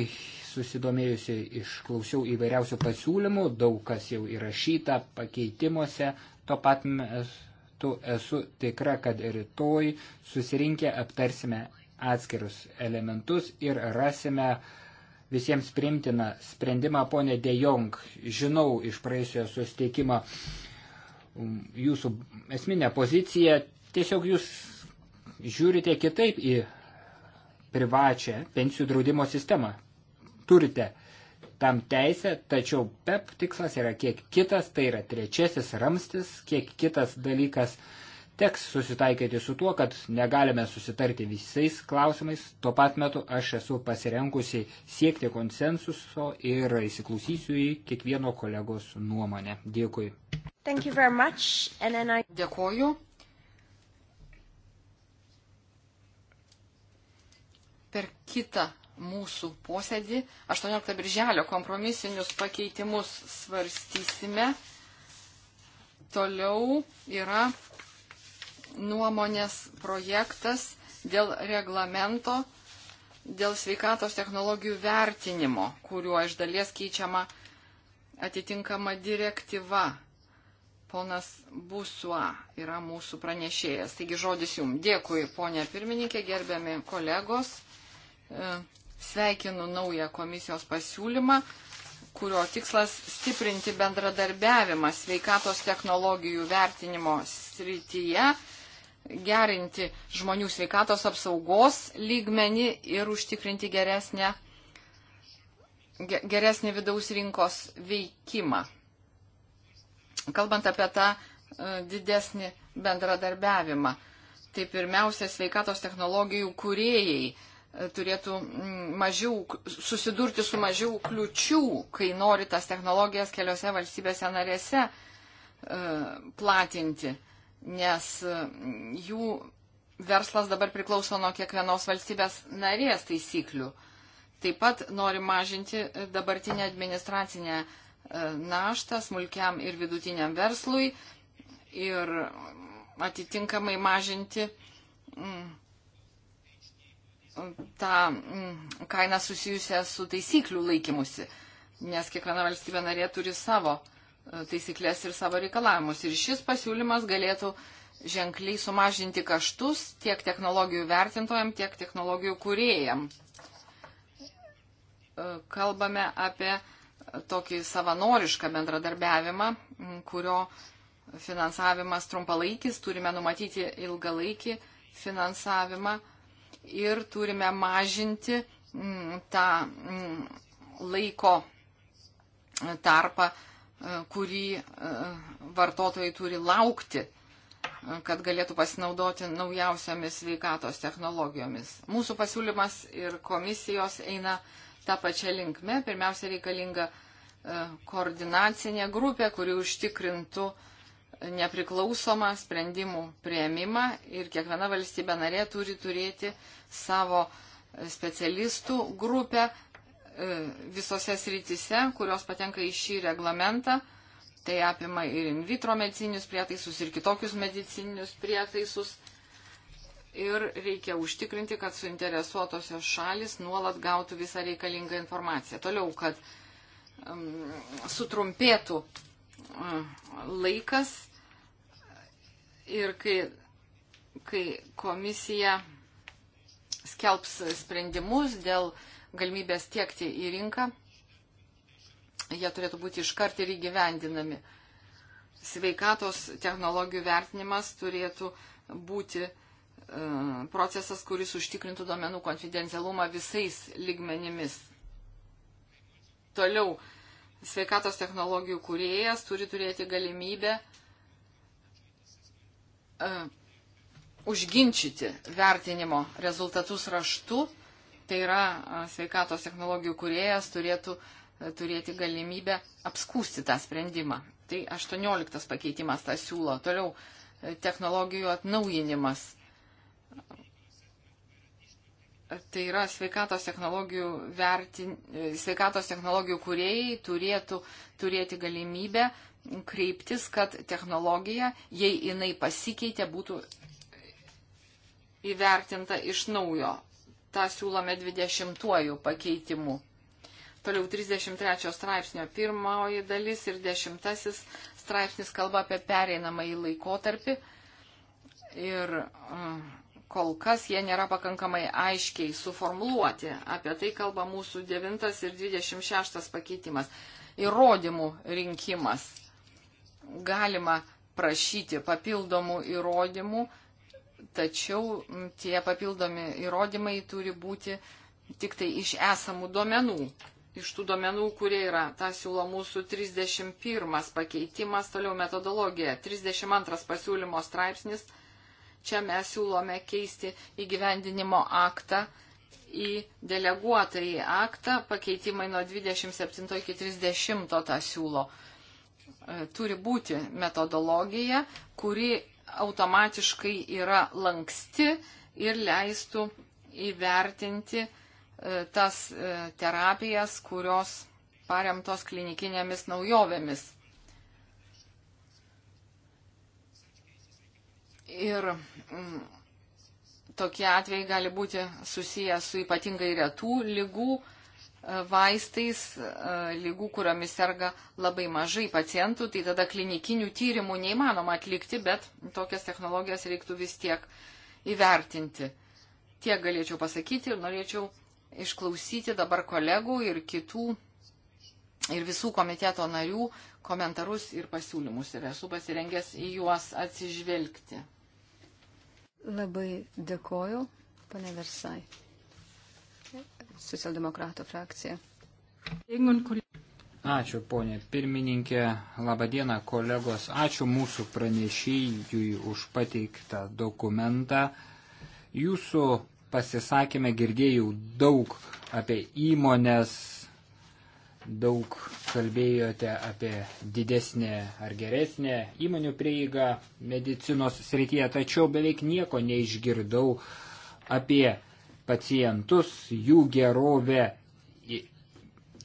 susidomėjusi išklausiau įvairiausių pasiūlymų, daug kas jau įrašyta pakeitimuose, tuo pat metu esu tikra, kad rytoj susirinkę aptarsime atskirus elementus ir rasime visiems primtiną sprendimą. Pone De Jong, žinau iš praėjusio susteikimo um, jūsų esminę poziciją, tiesiog jūs žiūrite kitaip į privačią pensijų draudimo sistemą. Turite tam teisę, tačiau PEP e tikslas yra kiek kitas, tai yra trečiasis ramstis, kiek kitas dalykas – Teks susitaikyti su tuo, kad negalime susitarti visais klausimais. Tuo pat metu aš esu pasirengusi siekti konsensuso ir įsiklausysiu į kiekvieno kolegos nuomonę. Dėkui. I... Dėkoju. Per kitą mūsų posėdį 18 birželio kompromisinius pakeitimus svarstysime. Toliau yra nuomonės projektas dėl reglamento, dėl sveikatos technologijų vertinimo, kuriuo iš dalies keičiama atitinkama direktyva. Ponas Busua yra mūsų pranešėjas. Taigi žodis jums. Dėkui, ponė pirmininkė, gerbiami kolegos. E, sveikinu naują komisijos pasiūlymą, kurio tikslas stiprinti bendradarbiavimą sveikatos technologijų vertinimo srityje gerinti žmonių sveikatos apsaugos lygmenį ir užtikrinti geresnę, geresnį vidaus rinkos veikimą. Kalbant apie tą e, didesnį bendradarbiavimą, tai pirmiausia, sveikatos technologijų kūrėjai e, turėtų mažiau, susidurti su mažiau kliučių, kai nori tas technologijas keliose valstybėse narėse e, platinti nes mm, jų verslas dabar priklauso nuo kiekvienos valstybės narės taisyklių. Taip pat nori mažinti dabartinę administracinę e, naštą smulkiam ir vidutiniam verslui ir atitinkamai mažinti mm, tą mm, kainą susijusią su taisyklių laikymusi, nes kiekviena valstybė narė turi savo uh, taisyklės ir savo reikalavimus. Ir šis pasiūlymas galėtų ženkliai sumažinti kaštus tiek technologijų vertintojam, tiek technologijų kūrėjam. E, kalbame apie tokį savanorišką bendradarbiavimą, kurio finansavimas trumpalaikis, turime numatyti ilgalaikį finansavimą ir turime mažinti tą laiko tarpą E, kurį e, vartotojai turi laukti, e, kad galėtų pasinaudoti naujausiamis sveikatos technologijomis. Mūsų pasiūlymas ir komisijos eina tą pačią linkmę. Pirmiausia, reikalinga koordinacinė grupė, kuri užtikrintų nepriklausomą sprendimų prieimimą ir kiekviena valstybė narė turi turėti savo specialistų grupę, E, visose srityse, kurios patenka į šį reglamentą. Tai apima ir in vitro medicinius prietaisus, ir kitokius medicinius prietaisus. Ir reikia užtikrinti, kad suinteresuotosios šalis nuolat gautų visą reikalingą informaciją. Toliau, kad um, sutrumpėtų um, laikas ir kai, kai komisija skelbs sprendimus dėl uh, galimybės tiekti į rinką, jie turėtų būti iškart ir įgyvendinami. Sveikatos technologijų vertinimas turėtų būti e, procesas, kuris užtikrintų duomenų konfidencialumą visais lygmenimis. Toliau, sveikatos technologijų kuriejas turi turėti galimybę e, užginčyti vertinimo rezultatus raštu tai yra sveikatos technologijų kuriejas turėtų turėti galimybę apskūsti tą sprendimą. Tai 18 pakeitimas tą siūlo. Toliau technologijų atnaujinimas. Tai yra sveikatos technologijų, vertin, e, sveikatos technologijų kuriejai turėtų turėti galimybę kreiptis, kad technologija, jei jinai pasikeitė, būtų įvertinta iš naujo tą siūlome 20 pakeitimu. Toliau 33 straipsnio pirmoji dalis ir 10 straipsnis kalba apie pereinamąjį laikotarpį. Ir mm, kol kas jie nėra pakankamai aiškiai suformuluoti. Apie tai kalba mūsų 9 ir 26 pakeitimas. Įrodymų rinkimas. Galima prašyti papildomų įrodymų tačiau tie papildomi įrodymai turi būti tik tai iš esamų duomenų. Iš tų duomenų, kurie yra, ta siūlo mūsų 31 pakeitimas, toliau metodologija, 32 pasiūlymo straipsnis, čia mes siūlome keisti įgyvendinimo aktą į deleguotąjį aktą, pakeitimai nuo 27 iki 30 tą siūlo. E, turi būti metodologija, kuri automatiškai yra lanksti ir leistų įvertinti e, tas e, terapijas, kurios paremtos klinikinėmis naujovėmis. Ir mm, tokie atvejai gali būti susijęs su ypatingai retų lygų vaistais e, lygų, kuriomis serga labai mažai pacientų, tai tada klinikinių tyrimų neįmanoma atlikti, bet tokias technologijas reiktų vis tiek įvertinti. Tiek galėčiau pasakyti ir norėčiau išklausyti dabar kolegų ir kitų ir visų komiteto narių komentarus ir pasiūlymus ir esu pasirengęs į juos atsižvelgti. Labai dėkoju, pane Versai socialdemokratų frakcija. Ačiū, ponė pirmininkė. Labadiena, kolegos. Ačiū mūsų pranešėjui už pateiktą dokumentą. Jūsų pasisakėme girdėjau daug apie įmonės, daug kalbėjote apie didesnę ar geresnę įmonių prieigą medicinos srityje, tačiau beveik nieko neišgirdau apie pacientus, jų gerovę,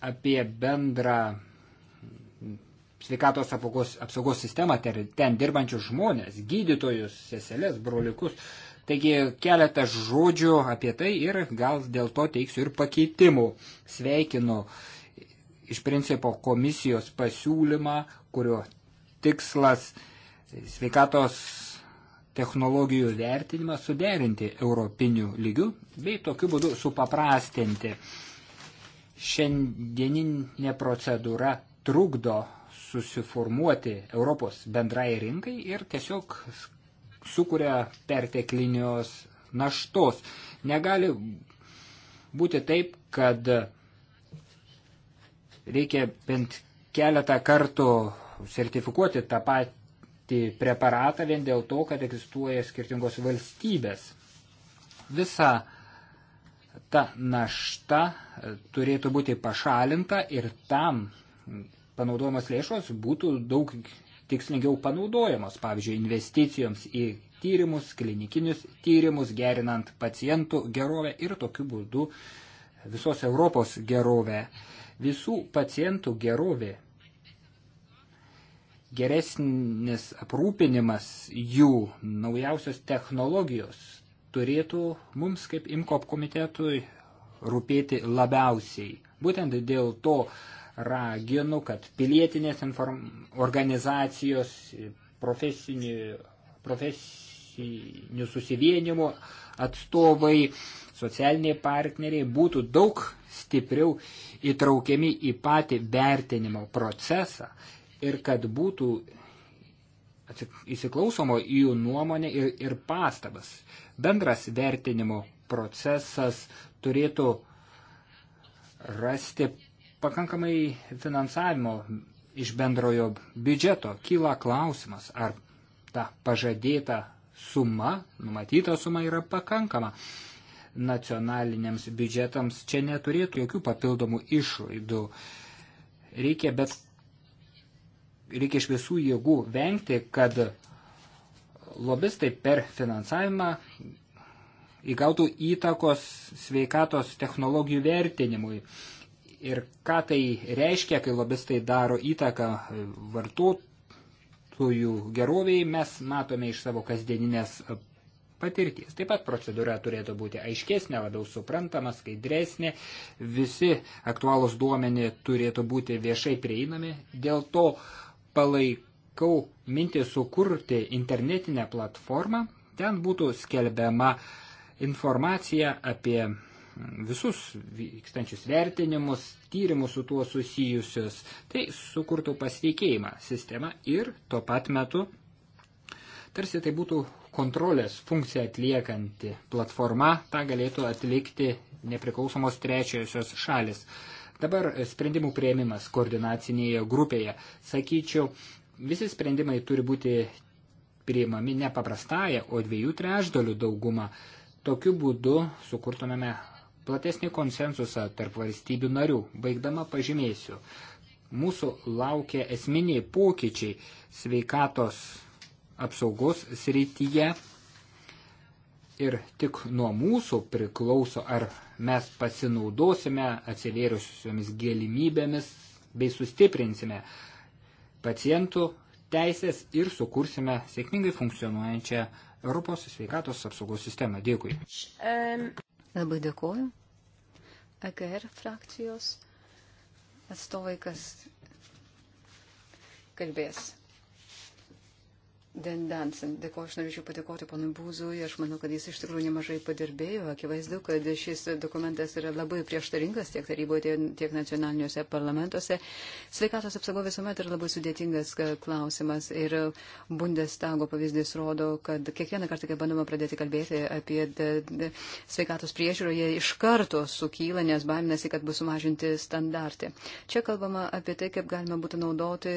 apie bendrą sveikatos apsaugos, apsaugos sistemą, ten dirbančius žmonės, gydytojus, seselės, broliukus. Taigi keletą žodžių apie tai ir gal dėl to teiksiu ir pakeitimų. Sveikinu iš principo komisijos pasiūlymą, kurio tikslas sveikatos technologijų vertinimą suderinti europiniu lygiu bei tokiu būdu supaprastinti. Šiandieninė procedūra trukdo susiformuoti Europos bendrai rinkai ir tiesiog sukuria perteklinios naštos. Negali būti taip, kad reikia bent keletą kartų sertifikuoti tą patį patį preparatą vien dėl to, kad egzistuoja skirtingos valstybės. Visa ta našta e, turėtų būti pašalinta ir tam panaudojamas lėšos būtų daug tikslingiau panaudojamos, pavyzdžiui, investicijoms į tyrimus, klinikinius tyrimus, gerinant pacientų gerovę ir tokiu būdu visos Europos gerovę. Visų pacientų gerovė geresnis aprūpinimas jų naujausios technologijos turėtų mums kaip IMKOP komitetui rūpėti labiausiai. Būtent dėl to raginu, kad pilietinės inform... organizacijos profesinių, profesinių susivienimų atstovai, socialiniai partneriai būtų daug stipriau įtraukiami į patį vertinimo procesą ir kad būtų įsiklausomo į jų nuomonę ir, ir pastabas. Bendras vertinimo procesas turėtų rasti pakankamai finansavimo iš bendrojo biudžeto. Kyla klausimas, ar ta pažadėta suma, numatyta suma yra pakankama. Nacionaliniams biudžetams čia neturėtų jokių papildomų išlaidų. Reikia bet reikia iš visų jėgų vengti, kad lobistai per finansavimą įgautų įtakos sveikatos technologijų vertinimui. Ir ką tai reiškia, kai lobistai daro įtaką vartotojų geroviai, mes matome iš savo kasdieninės patirties. Taip pat procedūra turėtų būti aiškesnė, labiau suprantama, skaidresnė, visi aktualūs duomenį turėtų būti viešai prieinami, dėl to palaikau mintį sukurti internetinę platformą, ten būtų skelbiama informacija apie visus vykstančius vertinimus, tyrimus su tuo susijusius. Tai sukurtų pasitikėjimą sistema ir tuo pat metu tarsi tai būtų kontrolės funkciją atliekanti platforma, tą galėtų atlikti nepriklausomos trečiosios šalis. Dabar sprendimų prieimimas koordinacinėje grupėje. Sakyčiau, visi sprendimai turi būti priimami ne paprastąją, o dviejų trešdalių daugumą. Tokiu būdu sukurtumėme platesnį konsensusą tarp valstybių narių. Baigdama pažymėsiu, mūsų laukia esminiai pokyčiai sveikatos apsaugos srityje ir tik nuo mūsų priklauso, ar mes pasinaudosime atsivėrusiomis galimybėmis bei sustiprinsime pacientų teisės ir sukursime sėkmingai funkcionuojančią Europos sveikatos apsaugos sistemą. Dėkui. Um, labai dėkuoju. AGR e frakcijos atstovai, kas kalbės. Den Dansen. Dėkuoju, aš norėčiau padėkoti ponui Būzui, aš manau, kad jis iš tikrųjų nemažai padirbėjo. Akivaizdu, kad šis dokumentas yra labai prieštaringas tiek taryboje, tiek nacionaliniuose parlamentuose. Sveikatos apsauga visuomet yra labai sudėtingas e, klausimas ir Bundestago pavyzdys rodo, kad kiekvieną kartą, kai bandoma pradėti kalbėti apie e, e, sveikatos priežiūrą, jie iš karto sukyla, nes baiminasi, kad bus sumažinti standartai. Čia kalbama apie tai, kaip galima būtų naudoti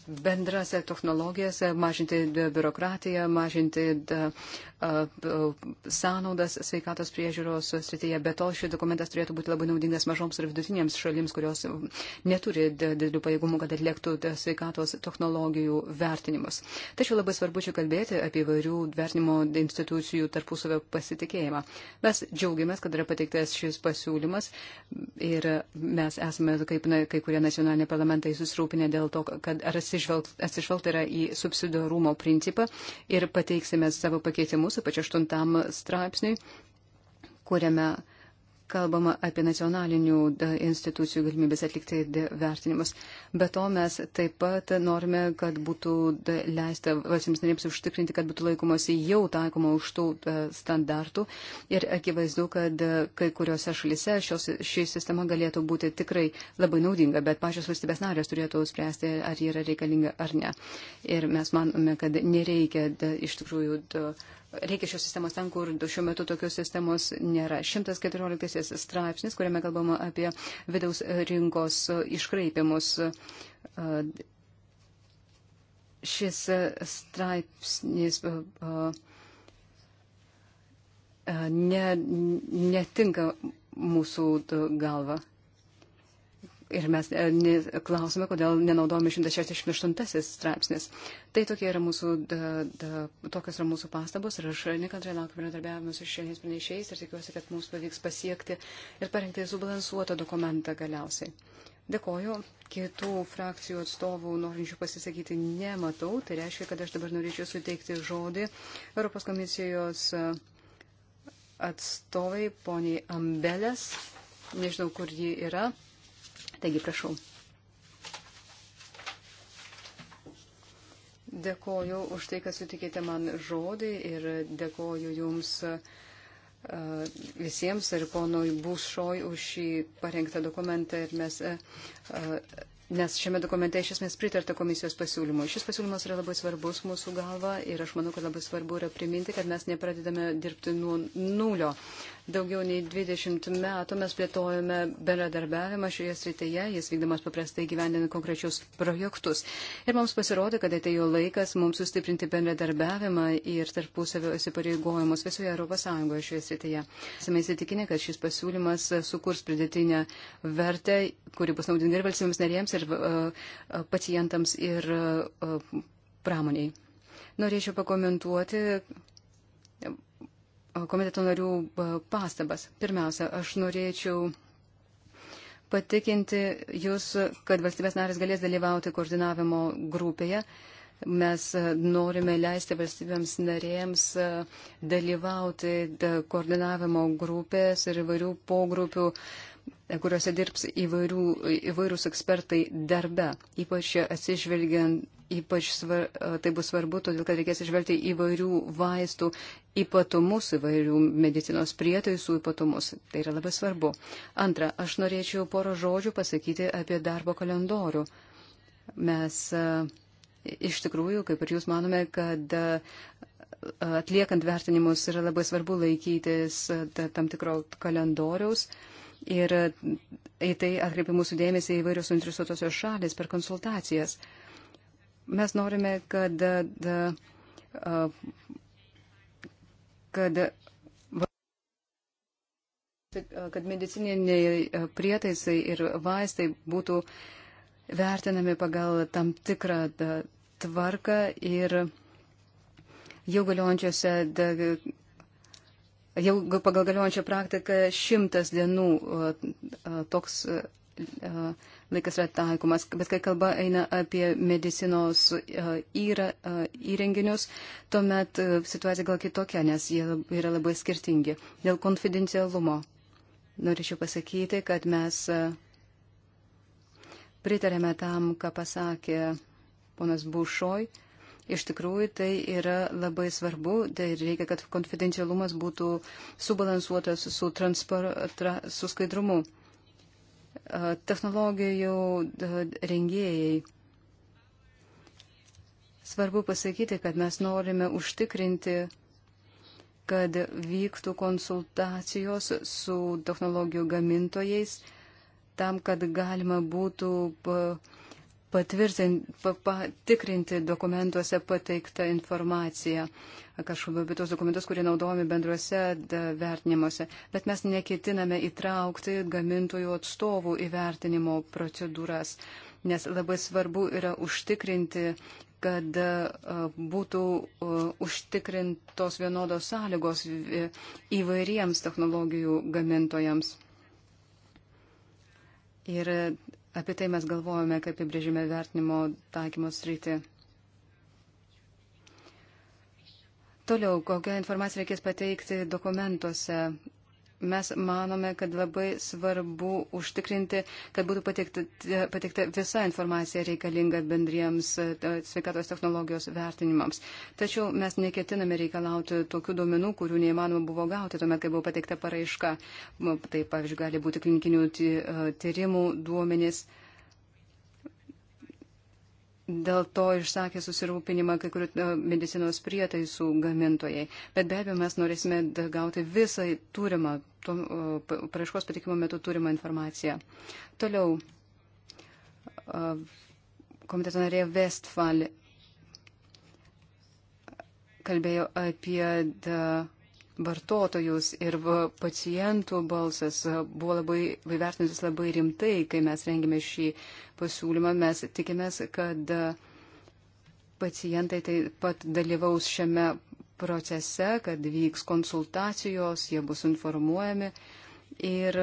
bendras technologijas, mažinti biurokratiją, mažinti sąnaudas sveikatos priežiūros srityje. Be to, šis dokumentas turėtų būti labai naudingas mažoms ir vidutinėms šalims, kurios neturi didelių pajėgumų, kad atliktų sveikatos technologijų vertinimus. Tačiau labai svarbu čia kalbėti apie įvairių vertinimo institucijų tarpusavio pasitikėjimą. Mes džiaugiamės, kad yra pateiktas šis pasiūlymas ir mes esame kaip na, kai kurie nacionaliniai parlamentai susirūpinę dėl to, kad ar atsižvelgta yra į subsidiarumo principą ir pateiksime savo pakeitimus, ypač aštuntam straipsniui, kuriame uh, kalbama apie nacionalinių institucijų galimybės atlikti vertinimus. Be to mes taip pat norime, kad būtų leista valstybėms narėms užtikrinti, kad būtų laikomasi jau taikoma už tų standartų. Ir akivaizdu, kad kai kuriuose šalise šios, ši sistema galėtų būti tikrai labai naudinga, bet pačios valstybės narės turėtų spręsti, ar ji yra reikalinga ar ne. Ir mes manome, kad nereikia da, iš tikrųjų. Da, reikia šios sistemos ten, kur šiuo metu tokios sistemos nėra. 114 straipsnis, kuriame kalbama apie vidaus rinkos iškraipimus. Šis straipsnis e, e, ne, netinka mūsų galva. Ir mes e, klausome, kodėl nenaudojame 168 straipsnis. Tai tokie yra mūsų, da, da, tokios yra mūsų pastabos ir aš nekantrai laukiu bendradarbiavimo su šiandienis pranešėjais ir tikiuosi, kad mums pavyks pasiekti ir parengti subalansuotą dokumentą galiausiai. Dėkoju. Kitų frakcijų atstovų norinčių pasisakyti nematau. Tai reiškia, kad aš dabar norėčiau suteikti žodį Europos komisijos e, atstovai, poniai Ambelės. Nežinau, kur ji yra. Taigi, prašau. Dėkoju už tai, kad sutikėte man žodį ir dėkoju jums e, visiems ir ponui Bušoj už šį parengtą dokumentą. Ir mes e, e, Nes šiame dokumente iš esmės pritarta komisijos pasiūlymui. Šis pasiūlymas yra labai svarbus mūsų galva ir aš manau, kad labai svarbu yra priminti, kad mes nepradedame dirbti nuo nulio. Daugiau nei 20 metų mes plėtojame bendradarbiavimą šioje srityje, jis vykdamas paprastai gyvendina konkrečius projektus. Ir mums pasirodė, kad atėjo laikas mums sustiprinti bendradarbiavimą ir tarpusavio įsipareigojimus visoje ES šioje srityje. Esame įsitikinę, kad šis pasiūlymas sukurs pridėtinę vertę, kuri bus naudinga ir valstybėms narėms, ir uh, pacientams, ir uh, pramoniai. Norėčiau pakomentuoti komiteto narių e, pastabas. Pirmiausia, aš norėčiau patikinti Jūs, kad valstybės narės galės dalyvauti koordinavimo grupėje. Mes e, norime leisti valstybėms narėms e, dalyvauti koordinavimo grupės ir įvairių pogrupių uh, kuriuose dirbs įvairių, įvairūs ekspertai darbe, ypač atsižvelgiant, ypač svar, tai bus svarbu, todėl kad reikės išvelgti įvairių vaistų ypatumus, įvairių medicinos prietaisų ypatumus. Tai yra labai svarbu. Antra, aš norėčiau poro žodžių pasakyti apie darbo kalendorių. Mes e, iš tikrųjų, kaip ir jūs manome, kad e, atliekant vertinimus yra labai svarbu laikytis e, tam tikro kalendoriaus. Ir e, į tai atkreipia mūsų dėmesį įvairios suinteresuotosios šalis per konsultacijas. Mes norime, kad, e, e, kad, kad medicininiai prietaisai ir vaistai būtų vertinami pagal tam tikrą tvarką ir jau galiojančiose jau pagal galiojančią praktiką šimtas dienų toks laikas yra taikomas, bet kai kalba eina apie medicinos įra, įrenginius, tuomet situacija gal kitokia, nes jie yra labai skirtingi. Dėl konfidencialumo norėčiau pasakyti, kad mes pritarėme tam, ką pasakė ponas Bušoj Iš tikrųjų, tai yra labai svarbu ir tai reikia, kad konfidencialumas būtų subalansuotas su, transpar, tra, su skaidrumu. Technologijų rengėjai. Svarbu pasakyti, kad mes norime užtikrinti kad vyktų konsultacijos su technologijų gamintojais, tam, kad galima būtų uh, patikrinti dokumentuose pateiktą informaciją, kažkokiu apie tos dokumentus, kurie naudojami bendruose vertinimuose. Bet mes neketiname įtraukti gamintojų atstovų įvertinimo procedūras, nes labai svarbu yra užtikrinti kad būtų užtikrintos vienodos sąlygos e, įvairiems technologijų gamintojams. Ir Apie tai mes galvojame, kaip apibrėžime vertinimo taikymo sritį. Toliau, kokią informaciją reikės pateikti dokumentuose mes manome, kad labai svarbu užtikrinti, kad būtų pateikta, pateikta visa informacija reikalinga bendriems e, sveikatos technologijos vertinimams. Tačiau mes neketiname reikalauti tokių duomenų, kurių neįmanoma buvo gauti tuomet, kai buvo pateikta paraiška. Tai, pavyzdžiui, gali būti klinikinių e, tyrimų duomenys. Ty Dėl to išsakė susirūpinimą kai kurių e, medicinos prietaisų gamintojai. Bet be abejo, mes norėsime gauti visą turimą, praaiškos patikimo metu turimą informaciją. Toliau, komiteto narė Westfal kalbėjo apie vartotojus ir pacientų balsas buvo labai įvertintas labai rimtai, kai mes rengėme šį pasiūlymą. Mes tikimės, kad pacientai taip pat dalyvaus šiame procese, kad vyks konsultacijos, jie bus informuojami ir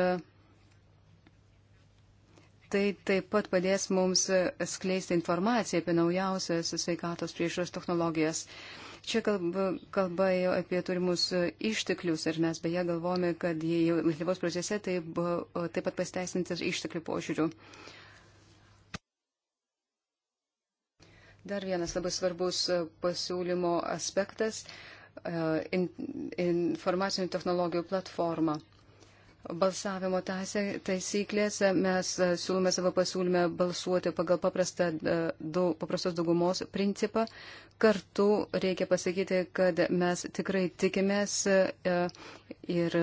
tai taip pat padės mums skleisti informaciją apie naujausias sveikatos priežiūros technologijas. Uh, Čia kalba, kalba jau apie turimus išteklius ir mes beje galvojame, kad Lietuvos procese tai taip pat pasteisintas išteklių požiūrių. Dar vienas labai svarbus e, pasiūlymo aspektas e, - informacinių technologijų platforma balsavimo taisyklės mes e, siūlome savo pasiūlymę balsuoti pagal paprastą, e, daug, paprastos daugumos principą. Kartu reikia pasakyti, kad mes tikrai tikimės e, ir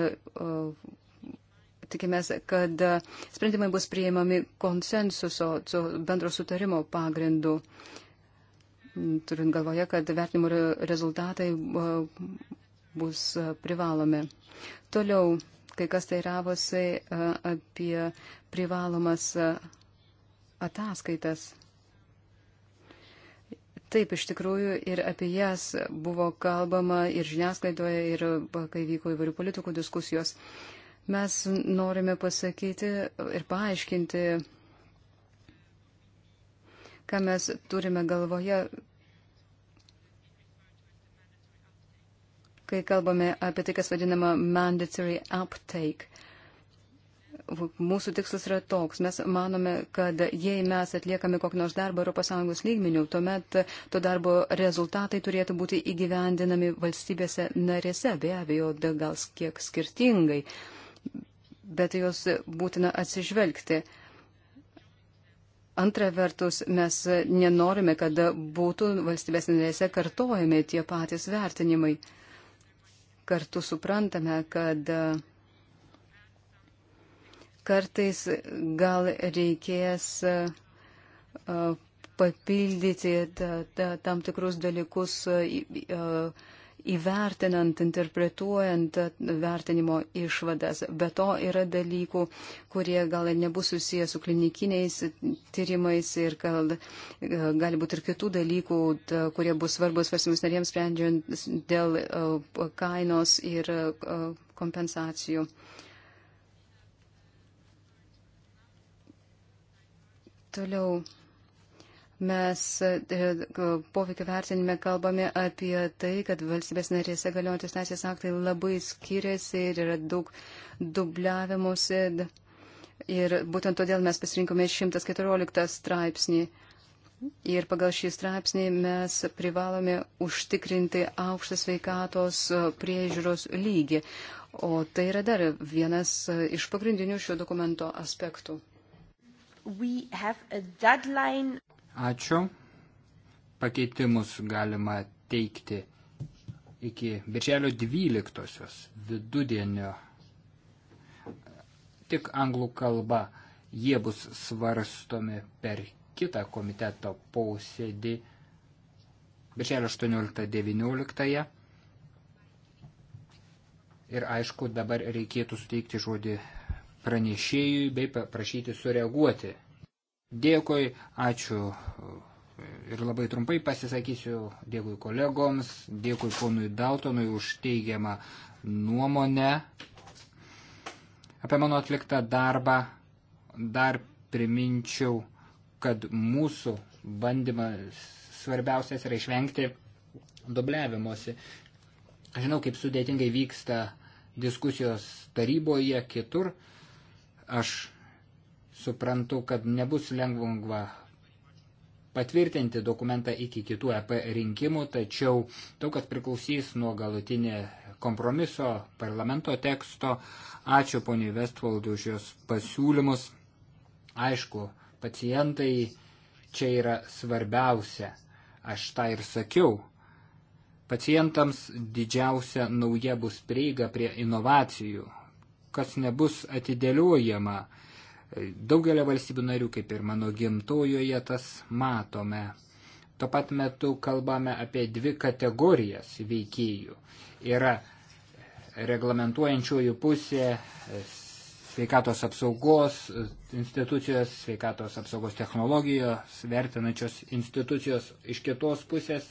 tikimės, kad sprendimai bus priimami konsensuso, bendro sutarimo pagrindu. Turint galvoje, kad vertinimo rezultatai bus privalomi. Toliau kai kas teiravosi e, apie privalomas e, ataskaitas. Taip, iš tikrųjų, ir apie jas buvo kalbama ir žiniasklaidoje, ir e, kai vyko įvairių politikų diskusijos. Mes norime pasakyti ir paaiškinti, ką mes turime galvoje, kai kalbame apie tai, kas vadinama mandatory uptake. Mūsų tikslas yra toks. Mes manome, kad jei mes atliekame kokį nors darbą ES lygmenių, tuomet to darbo rezultatai turėtų būti įgyvendinami valstybėse narėse, be abejo, gal kiek skirtingai, bet jos būtina atsižvelgti. Antra vertus, mes nenorime, kad būtų valstybės narėse kartojami tie patys vertinimai kartu suprantame, kad e, kartais gal reikės e, papildyti tam tikrus dalykus. Uh, įvertinant, interpretuojant vertinimo išvadas. Be to yra dalykų, kurie gal ir nebus susiję su klinikiniais tyrimais ir gal, gali būti ir kitų dalykų, ta, kurie bus svarbus varsimus narėms sprendžiant dėl e, kainos ir e, kompensacijų. Toliau Mes e, poveikio vertinime kalbame apie tai, kad valstybės narėse galiojantis teisės aktai labai skiriasi ir yra daug dubliavimuose. Ir būtent todėl mes pasirinkome 114 straipsnį. Ir pagal šį straipsnį mes privalome užtikrinti aukštą sveikatos priežiūros lygį. O tai yra dar vienas iš pagrindinių šio dokumento aspektų. Ačiū. Pakeitimus galima teikti iki birželio 12 vidudienio. Tik anglų kalba jie bus svarstomi per kitą komiteto posėdį birželio 18-19. Ir aišku, dabar reikėtų suteikti žodį pranešėjui bei paprašyti sureaguoti Dėkui, ačiū ir labai trumpai pasisakysiu. Dėkui kolegoms, dėkui ponui Daltonui už teigiamą nuomonę apie mano atliktą darbą. Dar priminčiau, kad mūsų bandymas svarbiausias yra išvengti dubliavimuose. Žinau, kaip sudėtingai vyksta diskusijos taryboje, kitur. Aš Suprantu, kad nebus lengva patvirtinti dokumentą iki kitų EP rinkimų, tačiau daug kas priklausys nuo galutinė kompromiso parlamento teksto. Ačiū poniai Vestvaldui už jos pasiūlymus. Aišku, pacientai čia yra svarbiausia. Aš tą ir sakiau. Pacientams didžiausia nauja bus prieiga prie inovacijų, kas nebus atidėliojama Daugelio valstybių narių, kaip ir mano gimtojoje, tas matome. Tuo pat metu kalbame apie dvi kategorijas veikėjų. Yra reglamentuojančiųjų pusė, sveikatos apsaugos institucijos, sveikatos apsaugos technologijos, vertinančios institucijos iš kitos pusės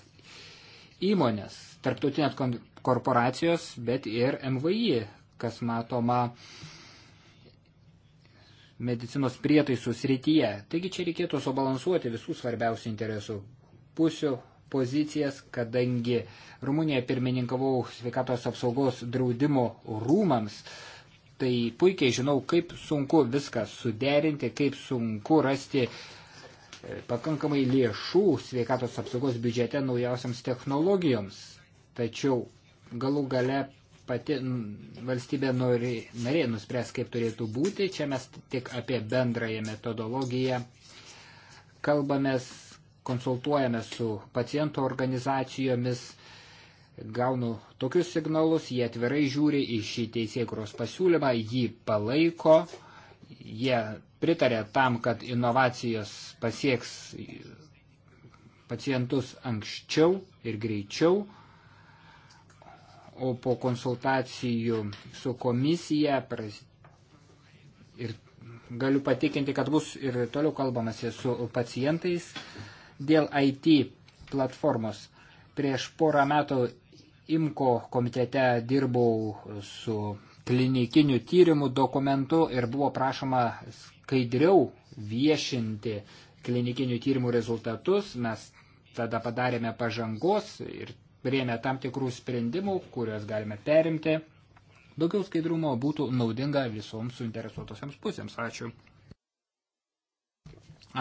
įmonės, tarptautinės korporacijos, bet ir MVI, kas matoma uh, medicinos prietaisų srityje. Taigi čia reikėtų subalansuoti visų svarbiausių interesų pusių pozicijas, kadangi Rumunija pirmininkavau sveikatos apsaugos draudimo rūmams, tai puikiai žinau, kaip sunku viską suderinti, kaip sunku rasti e, pakankamai lėšų sveikatos apsaugos biudžete naujausiams technologijoms. Tačiau galų gale pati valstybė nori, narė nuspręs, kaip turėtų būti. Čia mes tik apie bendrąją metodologiją kalbamės, konsultuojame su paciento organizacijomis, gaunu tokius signalus, jie atvirai žiūri į šį teisėkuros pasiūlymą, jį palaiko, jie pritarė tam, kad inovacijos pasieks pacientus anksčiau ir greičiau o po konsultacijų su komisija ir galiu patikinti, kad bus ir toliau kalbamasi su pacientais dėl IT platformos. Prieš porą metų IMKO komitete dirbau su klinikiniu tyrimu dokumentu ir buvo prašoma skaidriau viešinti klinikinių tyrimų rezultatus. Mes tada padarėme pažangos ir rėmė tam tikrų sprendimų, kuriuos galime perimti. Daugiau skaidrumo būtų naudinga visoms suinteresuotosiams pusėms. Ačiū.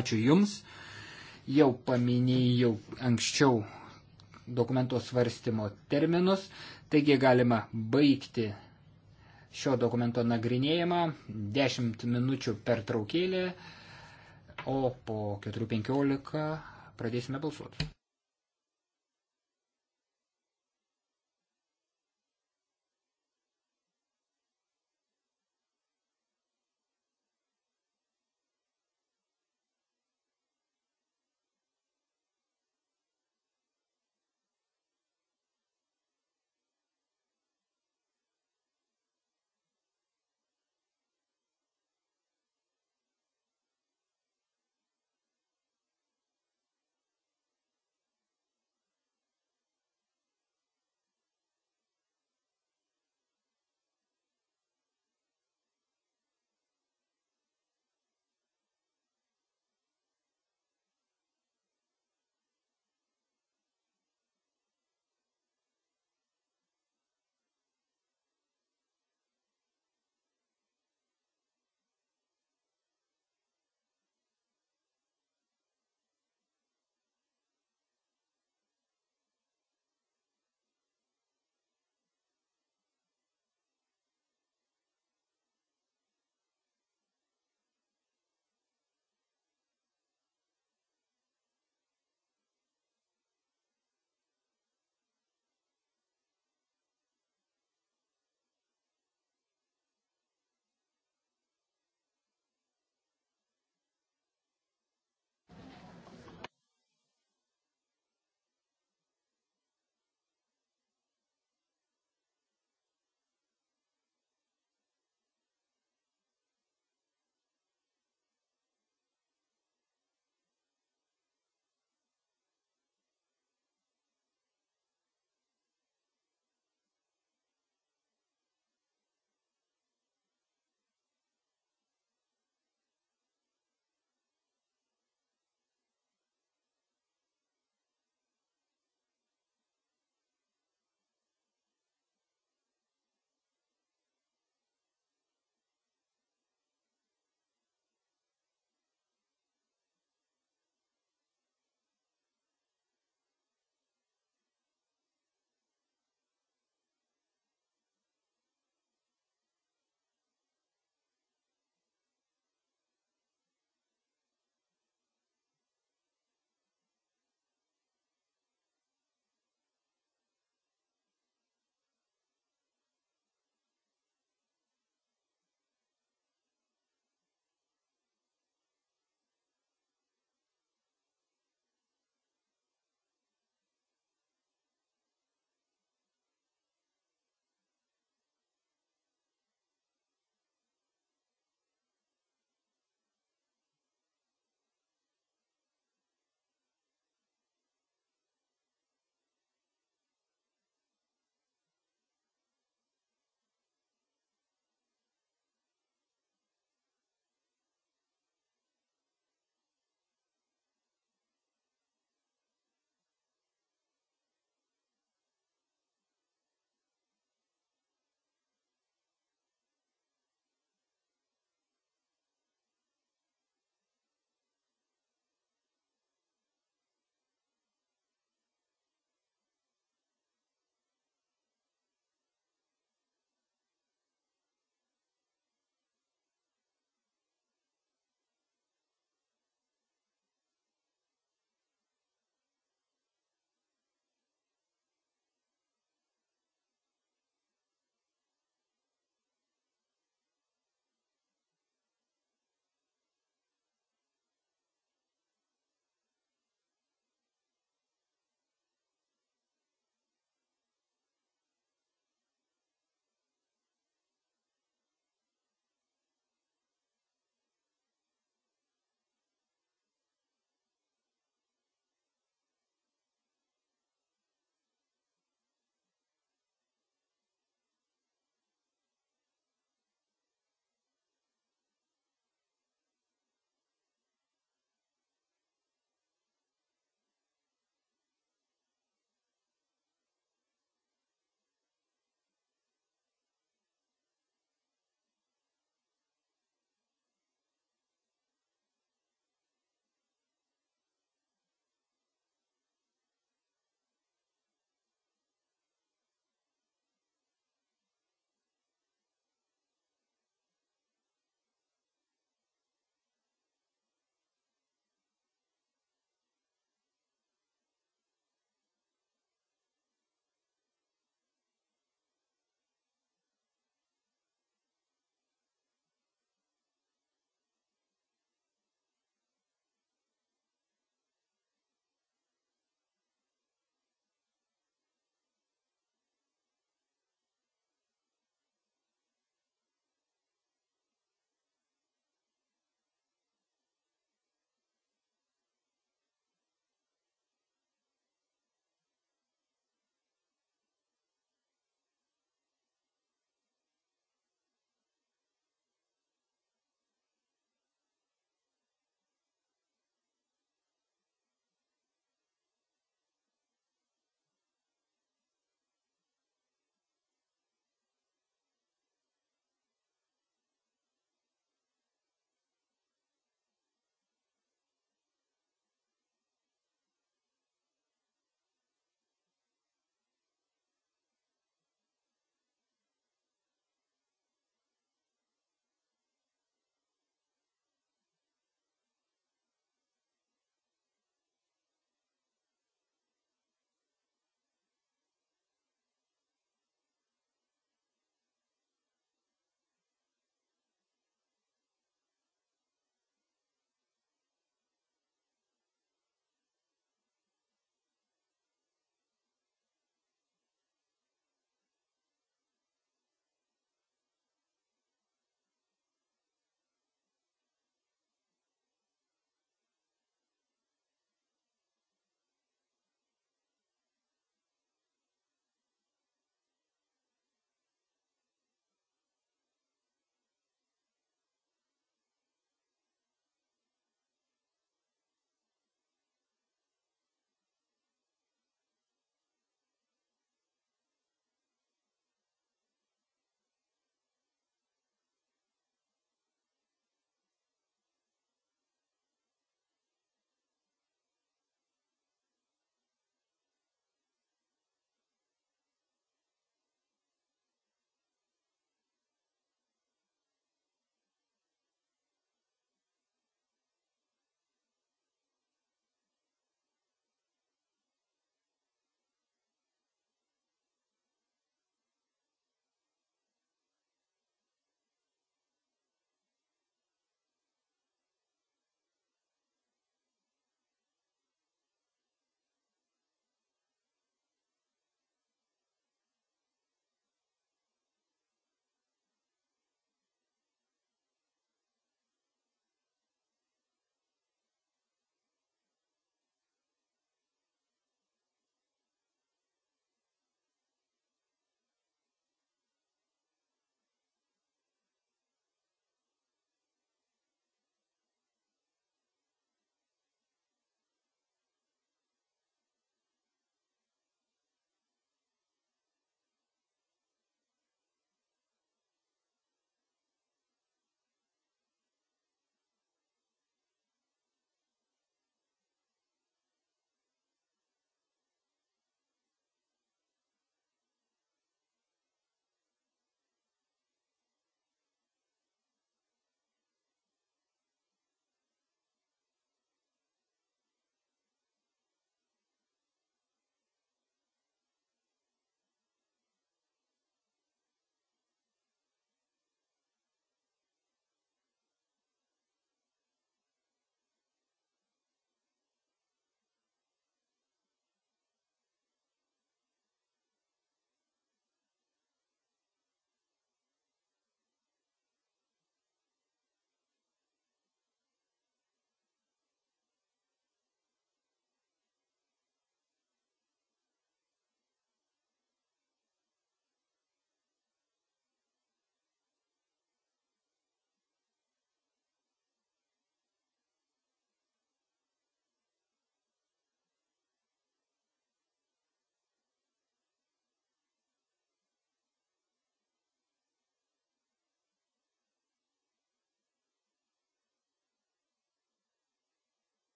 Ačiū Jums. Jau paminėjau anksčiau dokumento svarstymo terminus, taigi galima baigti šio dokumento nagrinėjimą 10 minučių per traukėlį, o po 4.15 pradėsime balsuoti.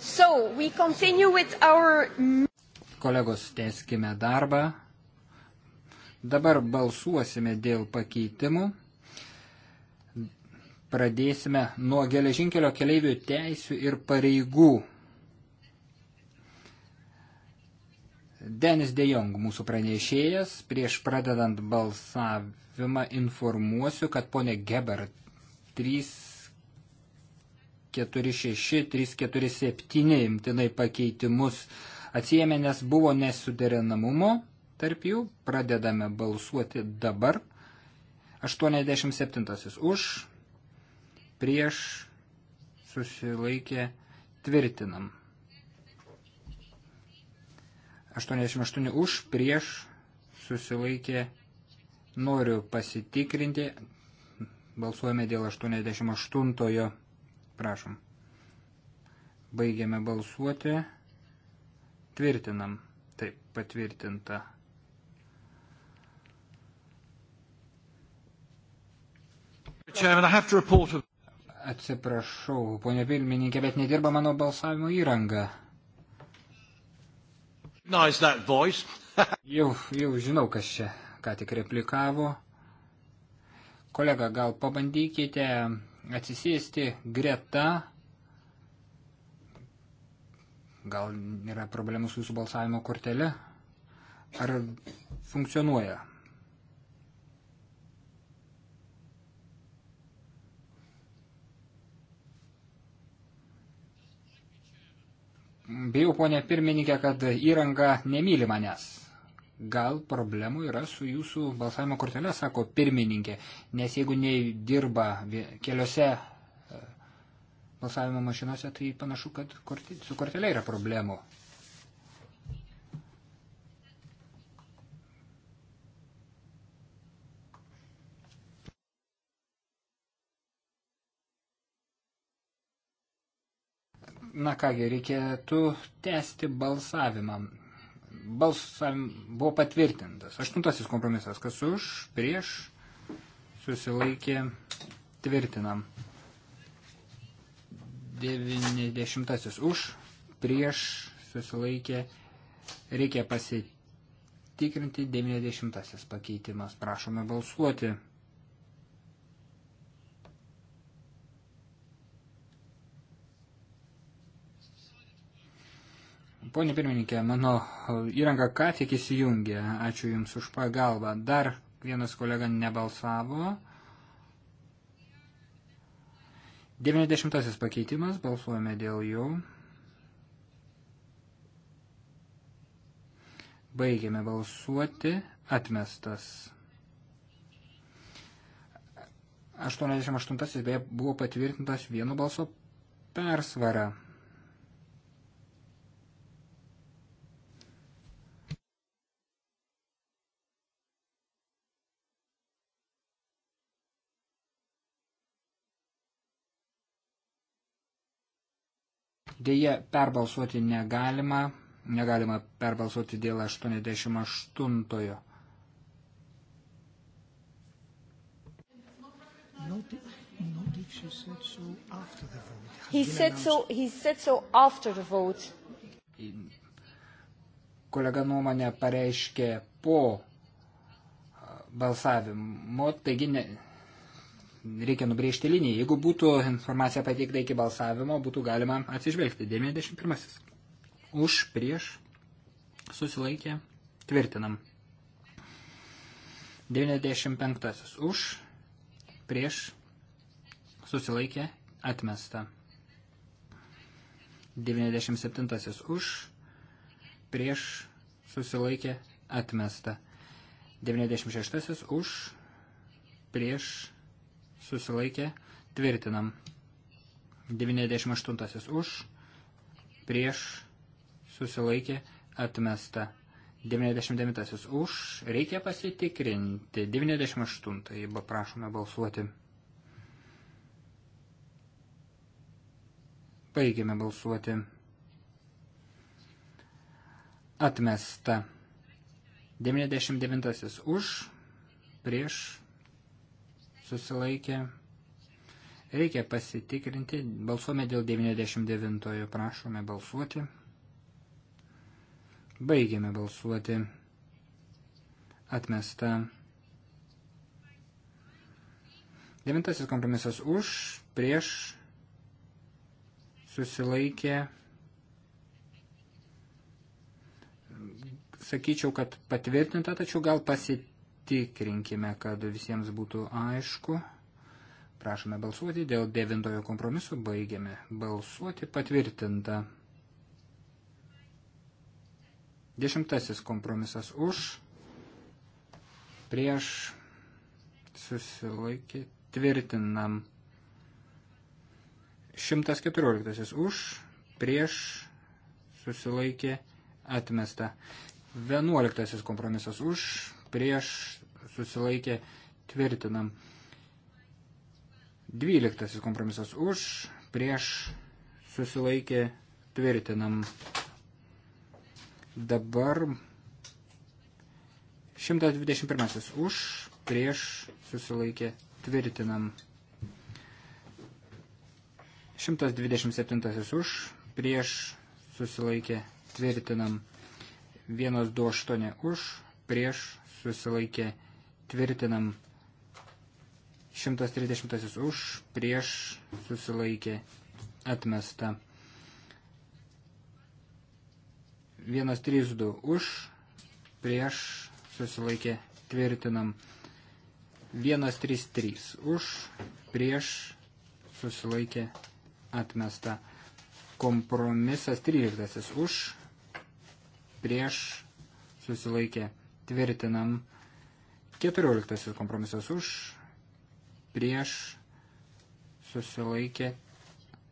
So, we continue with our... Kolegos, teskime darbą. Dabar balsuosime dėl pakeitimų. Pradėsime nuo geležinkelio keleivių teisių ir pareigų. Denis Dejong, mūsų pranešėjas, prieš pradedant balsavimą informuosiu, kad ponė Geber 3 4.6, 3.4.7 imtinai pakeitimus atsijėmė, nes buvo nesuderinamumo tarp jų. Pradedame balsuoti dabar. 87 už, prieš susilaikė tvirtinam. 88 už, prieš susilaikė noriu pasitikrinti. Balsuojame dėl 88. -ojo. Prašom. Baigiame balsuoti. Tvirtinam. Taip, patvirtinta. Atsiprašau, ponia pirmininkė, bet nedirba mano balsavimo įranga. Nice that voice. jau, jau žinau, kas čia ką tik replikavo. Kolega, gal pabandykite atsisėsti greta. Gal yra problemų su jūsų balsavimo kortelė? Ar funkcionuoja? Bijau, ponė pirmininkė, kad įranga nemyli manęs gal problemų yra su jūsų balsavimo kortelė, sako pirmininkė, nes jeigu nedirba keliose e, balsavimo mašinose, tai panašu, kad korti, su kortelė yra problemų. Na kągi, reikėtų tęsti balsavimą balsam buvo patvirtintas. Aštuntasis kompromisas, kas už, prieš, susilaikė, tvirtinam. Devinėdešimtasis už, prieš, susilaikė, reikia pasitikrinti. Devinėdešimtasis pakeitimas, prašome balsuoti. Pone pirmininkė, mano įranga ką tik įsijungė. Ačiū Jums už pagalbą. Dar vienas kolega nebalsavo. 90 pakeitimas, balsuojame dėl jų. Baigėme balsuoti, atmestas. 88 beje buvo patvirtintas vienu balso persvara. Deja, perbalsuoti negalima, negalima perbalsuoti dėl 88-ojo. Kolega nuomonę pareiškė po balsavimo, taigi ne, reikia nubrėžti liniją. Jeigu būtų informacija pateikta iki balsavimo, būtų galima atsižvelgti. 91. Už, prieš, susilaikė, tvirtinam. 95. Už, prieš, susilaikė, atmesta. 97. Už, prieš, susilaikė, atmesta. 96. Už, prieš, susilaikė, tvirtinam. 98 už, prieš, susilaikė, atmesta. 99 už, reikia pasitikrinti. 98, prašome balsuoti. Baigėme balsuoti. Atmesta. 99 už, prieš, susilaikė. Reikia pasitikrinti. Balsuome dėl 99-ojo. Prašome balsuoti. Baigėme balsuoti. Atmesta. Devintasis kompromisas už, prieš, susilaikė. Sakyčiau, kad patvirtinta, tačiau gal pasitikrinti patikrinkime, kad visiems būtų aišku. Prašome balsuoti dėl devintojo kompromiso, baigiame balsuoti patvirtinta. Dešimtasis kompromisas už, prieš, susilaikė, tvirtinam. 114 už, prieš, susilaikė, atmesta. 11 kompromisas už, prieš susilaikė tvirtinam. Dvyliktasis kompromisas už, prieš susilaikė tvirtinam. Dabar 121 už, prieš susilaikė tvirtinam. 127 už, prieš susilaikė tvirtinam. 128 už, prieš susilaikė tvirtinam 130 už, prieš susilaikė atmesta 132 už, prieš susilaikė tvirtinam 133 už, prieš susilaikė atmesta kompromisas 13 už, prieš susilaikė atmesta tvirtinam. 14 kompromisas už, prieš, susilaikė.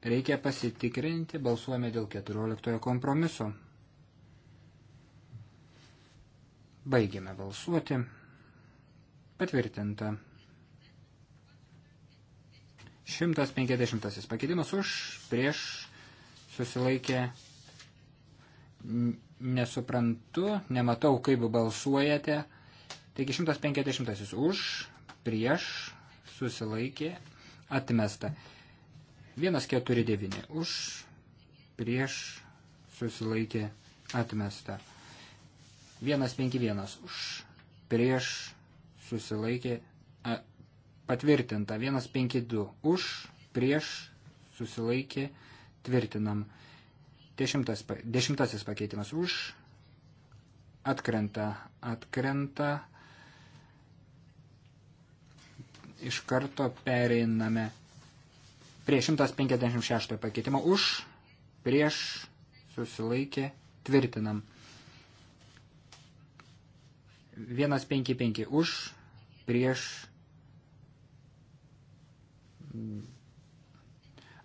Reikia pasitikrinti, balsuojame dėl 14 kompromiso. Baigėme balsuoti. Patvirtinta. 150 pakeitimas už, prieš, susilaikė nesuprantu, nematau, kaip balsuojate. Taigi 150 už, prieš, susilaikė, atmesta. 149 už, prieš, susilaikė, atmesta. 151 už, prieš, susilaikė, a, patvirtinta. 152 už, prieš, susilaikė, tvirtinam. Dešimtas, dešimtasis pakeitimas už, atkrenta, atkrenta. Iš karto pereiname prie 156 pakeitimo už, prieš, susilaikė, tvirtinam. 155 už, prieš,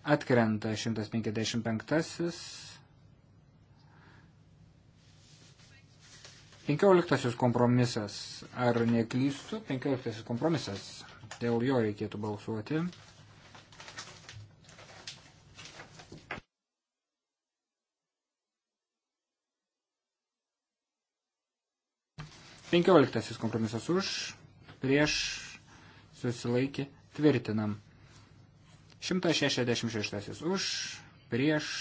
atkrenta 155. 15 kompromisas, ar neklystu, 15 kompromisas, dėl jo reikėtų balsuoti. Penkioliktasis kompromisas už, prieš, susilaikė, tvirtinam. 166 už, prieš,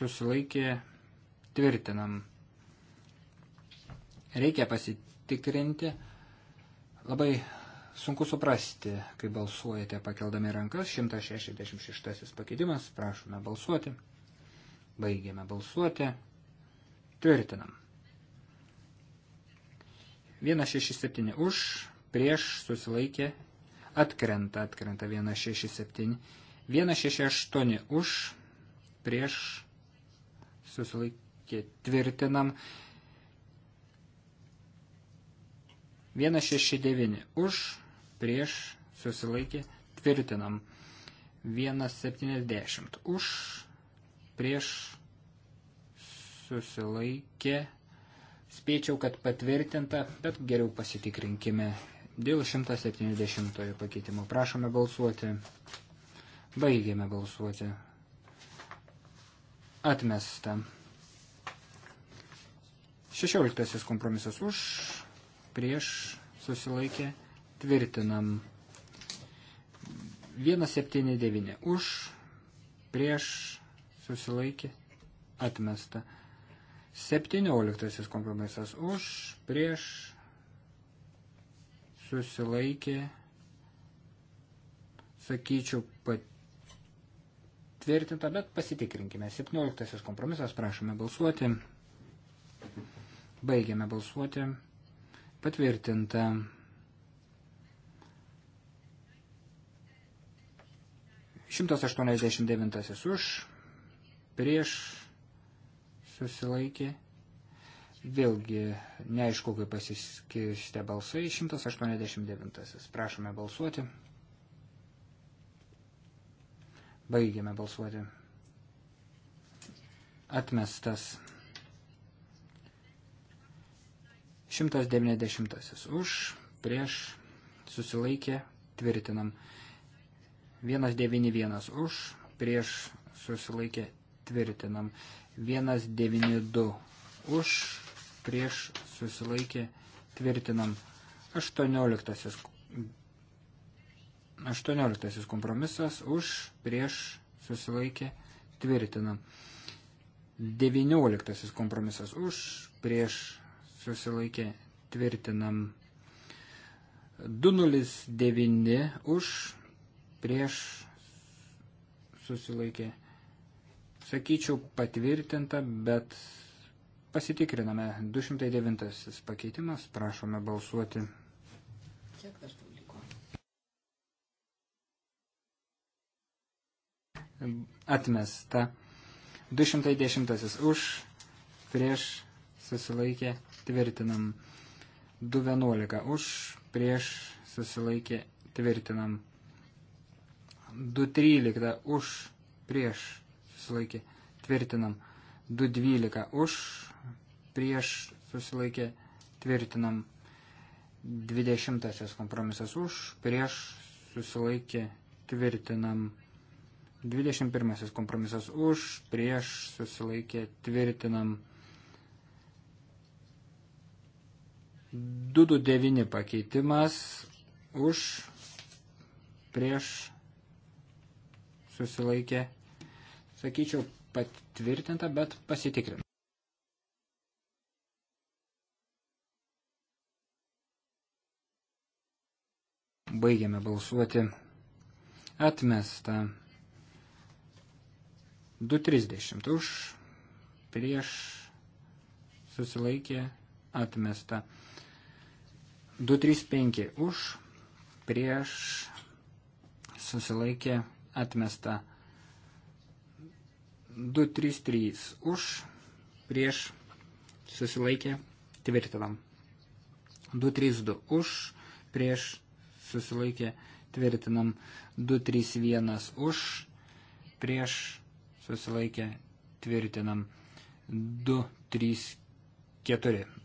susilaikė, tvirtinam. Reikia pasitikrinti. Labai sunku suprasti, kai balsuojate pakeldami rankas. 166 pakeitimas. Prašome balsuoti. Baigiame balsuoti. Tvirtinam. 167 už, prieš susilaikė, atkrenta, atkrenta 167, 168 už, prieš susilaikė, tvarkį tvirtinam. 169 už, prieš, susilaikė, tvirtinam. 170 už, prieš, susilaikė. Spėčiau, kad patvirtinta, bet geriau pasitikrinkime dėl 170 pakeitimo. Prašome balsuoti. Baigėme balsuoti. Atmesta. Šešioliktasis kompromisas už, prieš, susilaikė, tvirtinam. 179 už, prieš, susilaikė, atmesta. 17 kompromisas už, prieš, susilaikė, sakyčiau, patvirtinta, bet pasitikrinkime. 17 kompromisas, prašome balsuoti. Baigiame balsuoti. Patvirtinta. Šimtas aštuoniasdešimt devintasis už, prieš, susilaikė. Vėlgi, neaišku, kaip pasiskirstė balsai, 189. Prašome balsuoti. Baigiame balsuoti. Atmestas. 190 už, prieš, susilaikė, tvirtinam. 191 už, prieš, susilaikė, tvirtinam. 192 už, prieš, susilaikė, tvirtinam. 18 18 kompromisas už, prieš, susilaikė, tvirtinam. 19 kompromisas už, prieš, susilaikė tvirtinam. 209 už prieš susilaikė. Sakyčiau patvirtinta, bet pasitikriname. 209 pakeitimas, prašome balsuoti. Kiek dar tau liko? Atmesta. 210 už prieš susilaikė tvirtinam. 2.11 už, prieš susilaikė tvirtinam. 2.13 už, prieš susilaikė tvirtinam. 2.12 už, prieš susilaikė tvirtinam. 20 kompromisas už, prieš susilaikė tvirtinam. 21 kompromisas už, prieš susilaikė tvirtinam. 229 pakeitimas už prieš susilaikė, sakyčiau, patvirtinta, bet pasitikrinta. Baigiame balsuoti. Atmesta. 2.30 už, prieš, susilaikė, atmesta. 235 už, prieš susilaikė atmesta 233 už, prieš susilaikė tvirtinam 232 už, prieš susilaikė tvirtinam 231 už, prieš susilaikė tvirtinam 234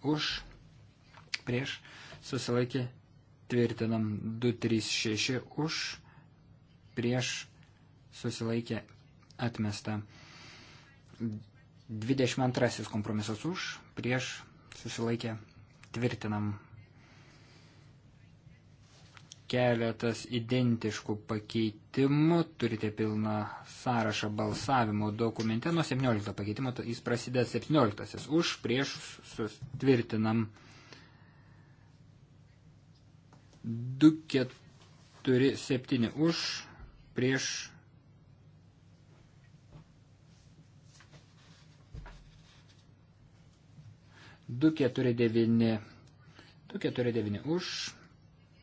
už, prieš susilaikė tvirtinam susilaikė tvirtinam 236 už, prieš susilaikė atmesta 22 kompromisas už, prieš susilaikė tvirtinam keletas identiškų pakeitimų, turite pilną sąrašą balsavimo dokumente nuo 17 pakeitimo, jis prasideda 17 už, prieš sustvirtinam 22. 2, 4, 7 už, prieš. Du keturi devyni, du keturi devyni už,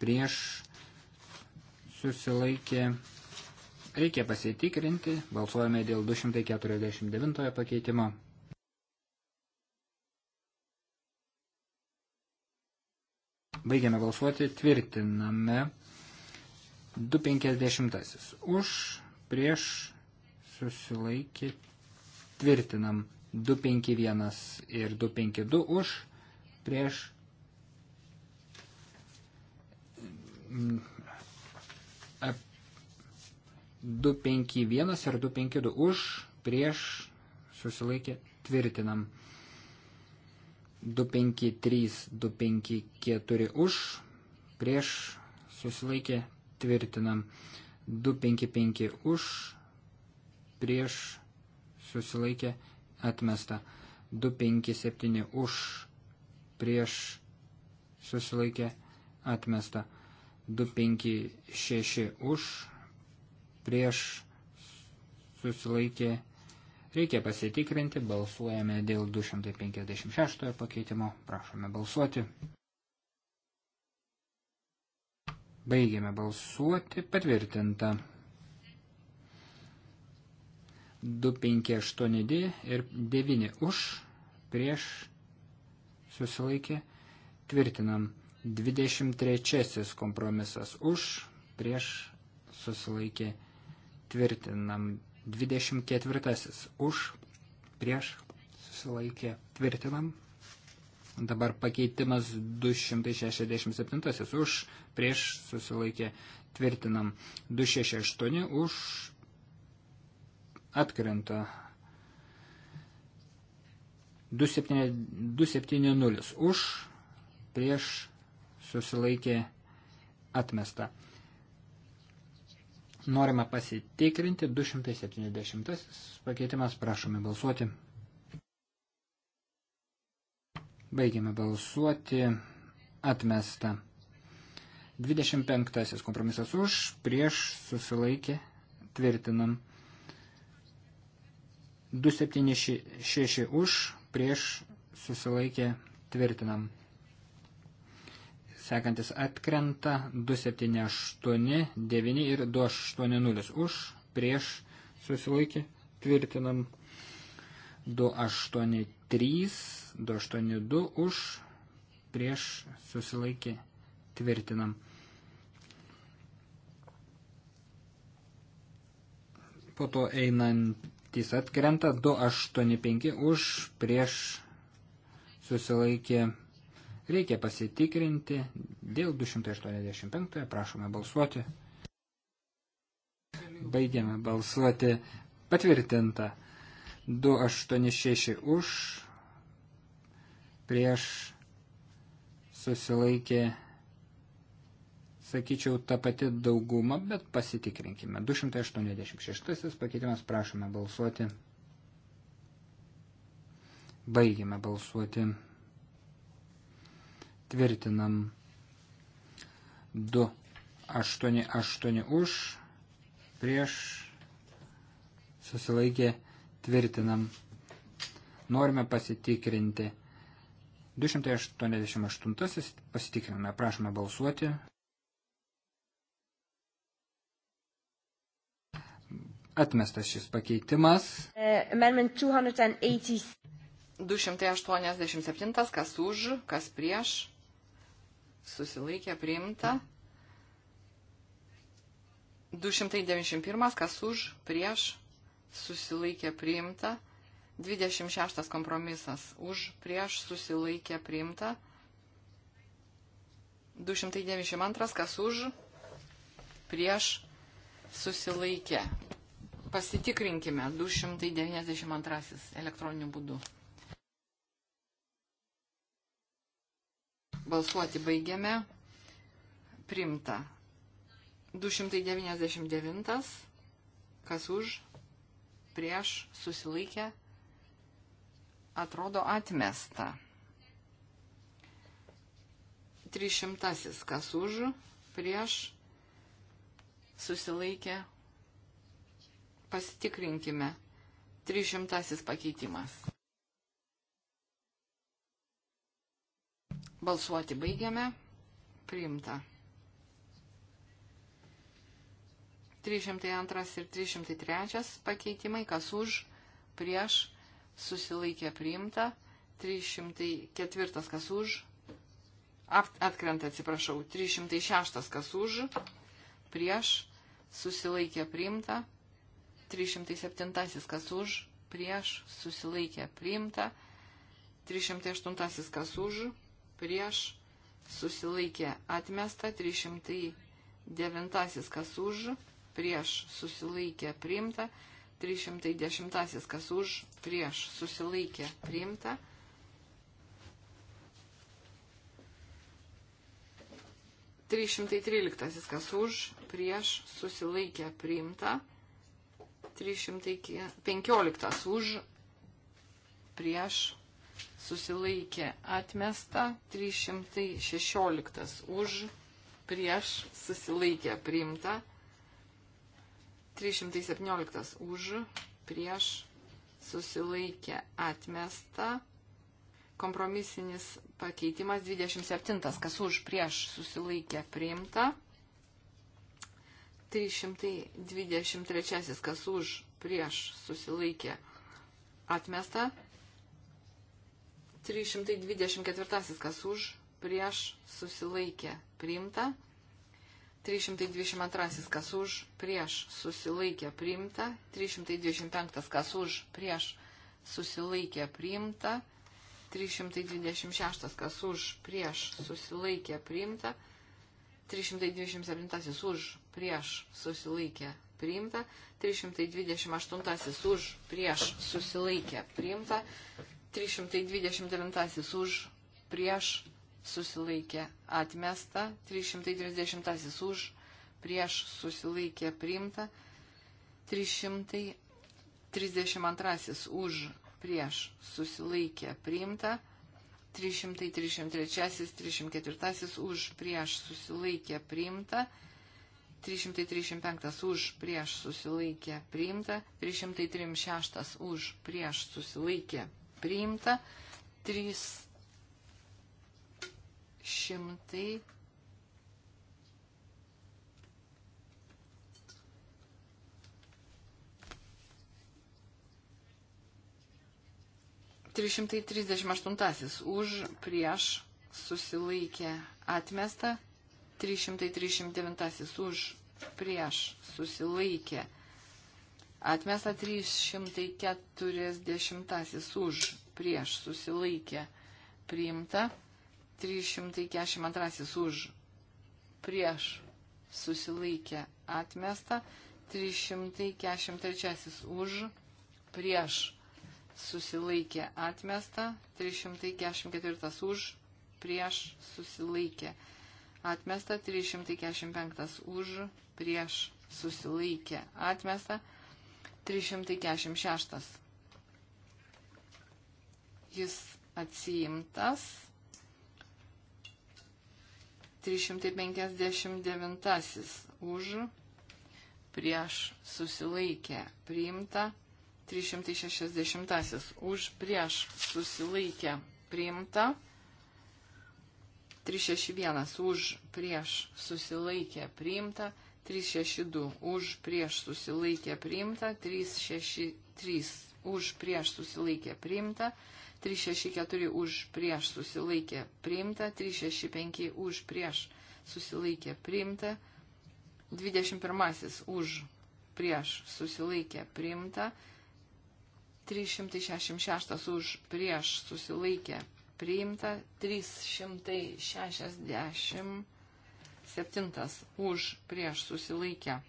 prieš susilaikė. Reikia pasitikrinti, balsuojame dėl 249 pakeitimo. Baigiame balsuoti, tvirtiname 250. Už, prieš, susilaikė, tvirtinam 251 ir 252 už, prieš. Ap, 251 ir 252 už, prieš, susilaikė, tvirtinam 251. 253, 254 už, prieš susilaikė tvirtinam. 255 už, prieš susilaikė atmesta. 257 už, prieš susilaikė atmesta. 256 už, prieš susilaikė atmesta Reikia pasitikrinti, balsuojame dėl 256 pakeitimo, prašome balsuoti. Baigiame balsuoti, patvirtinta. 258D ir 9 už, prieš susilaikė, tvirtinam. 23 kompromisas už, prieš susilaikė, tvirtinam. 24 už, prieš, susilaikė, tvirtinam. Dabar pakeitimas 267 už, prieš, susilaikė, tvirtinam. 268 už, atkrenta. 270 už, prieš, susilaikė, atmesta. Norime pasitikrinti 270 pakeitimas, prašome balsuoti. Baigiame balsuoti. Atmesta. 25 kompromisas už, prieš susilaikė, tvirtinam. 276 už, prieš susilaikė, tvirtinam sekantis atkrenta 278, 9 ir 280 už, prieš susilaikė, tvirtinam 283, 282 už, prieš susilaikė, tvirtinam. Po to einantis atkrenta 285 už, prieš susilaikė, tvirtinam Reikia pasitikrinti dėl 285, prašome balsuoti. Baigiame balsuoti patvirtinta. 286 už, prieš susilaikė, sakyčiau, ta pati dauguma, bet pasitikrinkime. 286 pakeitimas, prašome balsuoti. Baigime balsuoti. Tvirtinam 2, 8, 8 už, prieš susilaikė tvirtinam. Norime pasitikrinti. 288 pasitikriname, prašome balsuoti. Atmestas šis pakeitimas. Uh, amendment 280. 287, kas už, kas prieš, susilaikė priimta. 291, kas už, prieš, susilaikė priimta. 26 kompromisas už, prieš, susilaikė priimta. 292, kas už, prieš, susilaikė. Pasitikrinkime 292 elektroniniu būdu. Balsuoti baigiame. Primta. 299. Kas už, prieš, susilaikę. Atrodo atmesta. 300. Kas už, prieš, susilaikė. Pasitikrinkime. 300 pakeitimas. Balsuoti baigiame. Priimta. 302 ir 303 pakeitimai, kas už, prieš, susilaikė priimta. 304 kas už, atkrenta, atsiprašau, 306 kas už, prieš, susilaikė priimta. 307 kas už, prieš, susilaikė priimta. 308 kas už, prieš susilaikė atmesta, 309 kas už, prieš susilaikė priimta, 310 kas už, prieš susilaikė priimta. Trys šimtai tryliktasis, kas už, prieš, susilaikė, priimta. 315 už prieš susilaikė atmesta, 316 už, prieš susilaikė priimta, 317 už, prieš susilaikė atmesta, kompromisinis pakeitimas 27, kas už, prieš susilaikė priimta. 323, kas už, prieš susilaikė atmesta, 324 kas už, prieš susilaikė priimta. 322 kas už, prieš susilaikė priimta. 325 kas už, prieš susilaikė priimta. 326 kas už, prieš susilaikė priimta. 327 už, prieš susilaikė priimta, 328 už prieš susilaikė priimta, 329 už, prieš, susilaikė atmesta, 330 už, prieš, susilaikė priimta, 332 už, prieš, susilaikė priimta, 333, 304 už, prieš, susilaikė priimta, 335 už prieš susilaikė priimta, 336 už prieš susilaikė priimta. 300. Trys šimtai trisdešimt aštuntasis už prieš susilaikė atmesta, 339 už prieš susilaikė atmesta. Atmesta 340 už prieš susilaikė priimta. 342 už prieš susilaikė atmesta. 343 už prieš susilaikė atmesta. 344 už prieš susilaikė atmesta. 345 už prieš susilaikė atmesta. 346. Jis atsiimtas. 359 už, prieš susilaikė priimta, 360 už, prieš susilaikė priimta, 361 už, prieš susilaikė priimta, 362 362 už prieš susilaikę priimta, 363 už prieš susilaikę priimta, 364 už prieš susilaikė priimta, 365 už prieš susilaikė priimta, 21 už prieš susilaikė priimta, 366 už prieš susilaikė priimta, 360 Septintas. Už prieš susilaikę.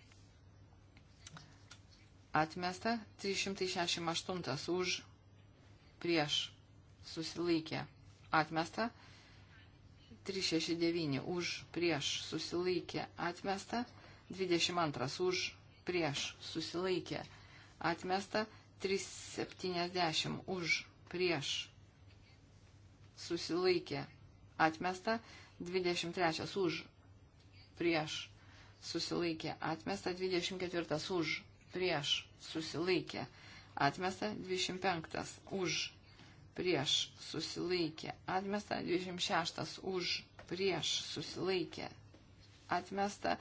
Atmesta. 368. Už prieš susilaikę. Atmesta. 369. Už prieš susilaikė. Atmesta. 22. Už prieš susilaikė. Atmesta. 370. Už prieš susilaikė. Atmesta. 23 už prieš susilaikė atmesta, 24 už prieš susilaikė atmesta, 25 už prieš susilaikė atmesta, 26 už prieš susilaikė atmesta,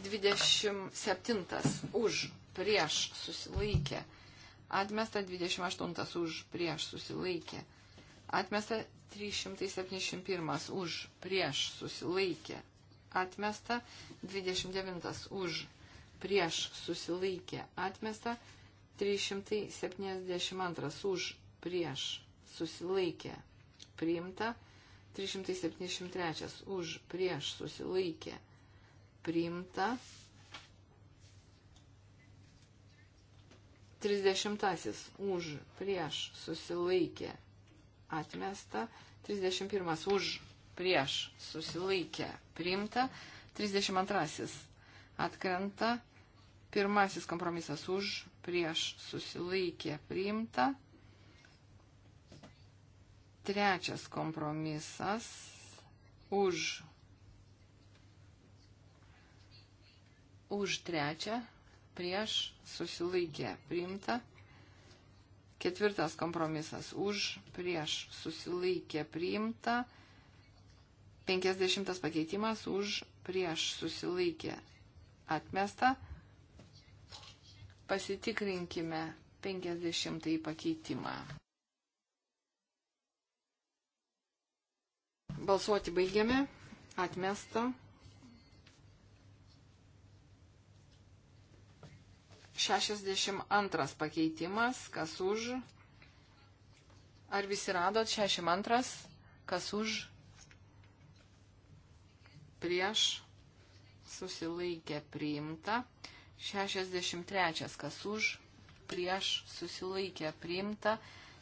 27 už prieš susilaikė atmesta, 28 už prieš susilaikė atmesta, 371 už prieš susilaikė atmesta, 29 už prieš susilaikė atmesta, 372 už prieš susilaikė priimta, 373 už prieš susilaikė priimta, 30 už prieš susilaikė atmesta, 31 už prieš susilaikė priimta, 32 atkrenta, pirmasis kompromisas už prieš susilaikė priimta, trečias kompromisas už, už trečią prieš susilaikė priimta. Ketvirtas kompromisas už, prieš susilaikė priimta. 50 pakeitimas už prieš susilaikė atmesta. Pasitikrinkime 50 pakeitimą. Balsuoti baigiame. Atmesta. Šešiasdešimt antras pakeitimas. Kas už? Ar visi radot? Šešiasdešimt antras. Kas už? prieš susilaikė priimta. 63. Kas už prieš susilaikė priimta.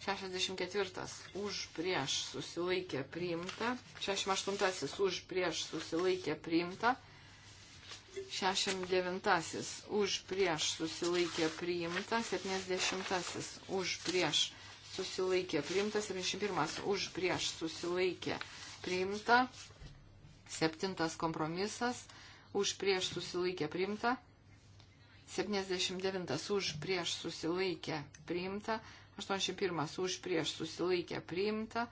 64. Už prieš susilaikė priimta. 68. Už prieš susilaikė priimta. 69. Už prieš susilaikė priimta. 70. Už prieš susilaikė priimta. 71. Už prieš susilaikė priimta. Septintas kompromisas už prieš susilaikę priimta. 79 už prieš susilaikę priimta. 81 už prieš susilaikę priimta.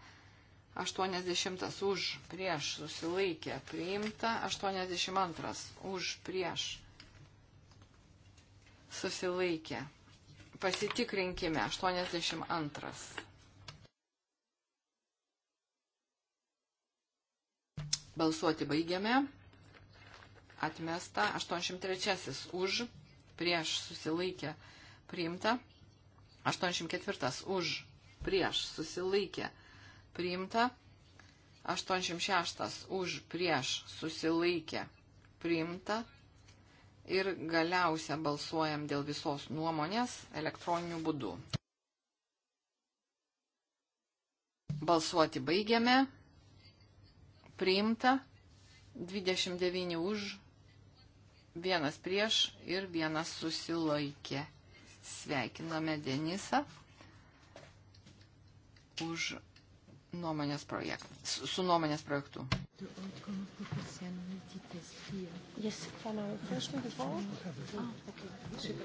80 už prieš susilaikė priimta, 82 už prieš susilaikė. Pasitikrinkime 82. Balsuoti baigiame. Atmesta. 83 už. Prieš susilaikė. Priimta. 84 už. Prieš susilaikė. Priimta. 86 už. Prieš susilaikė. Priimta. Ir galiausia balsuojam dėl visos nuomonės elektroniniu būdu. Balsuoti baigiame priimta, 29 už, vienas prieš ir vienas susilaikė. Sveikiname Denisą už nuomonės projektą, su, su nuomonės projektu. Yes, for my refreshment before. Ah, okay.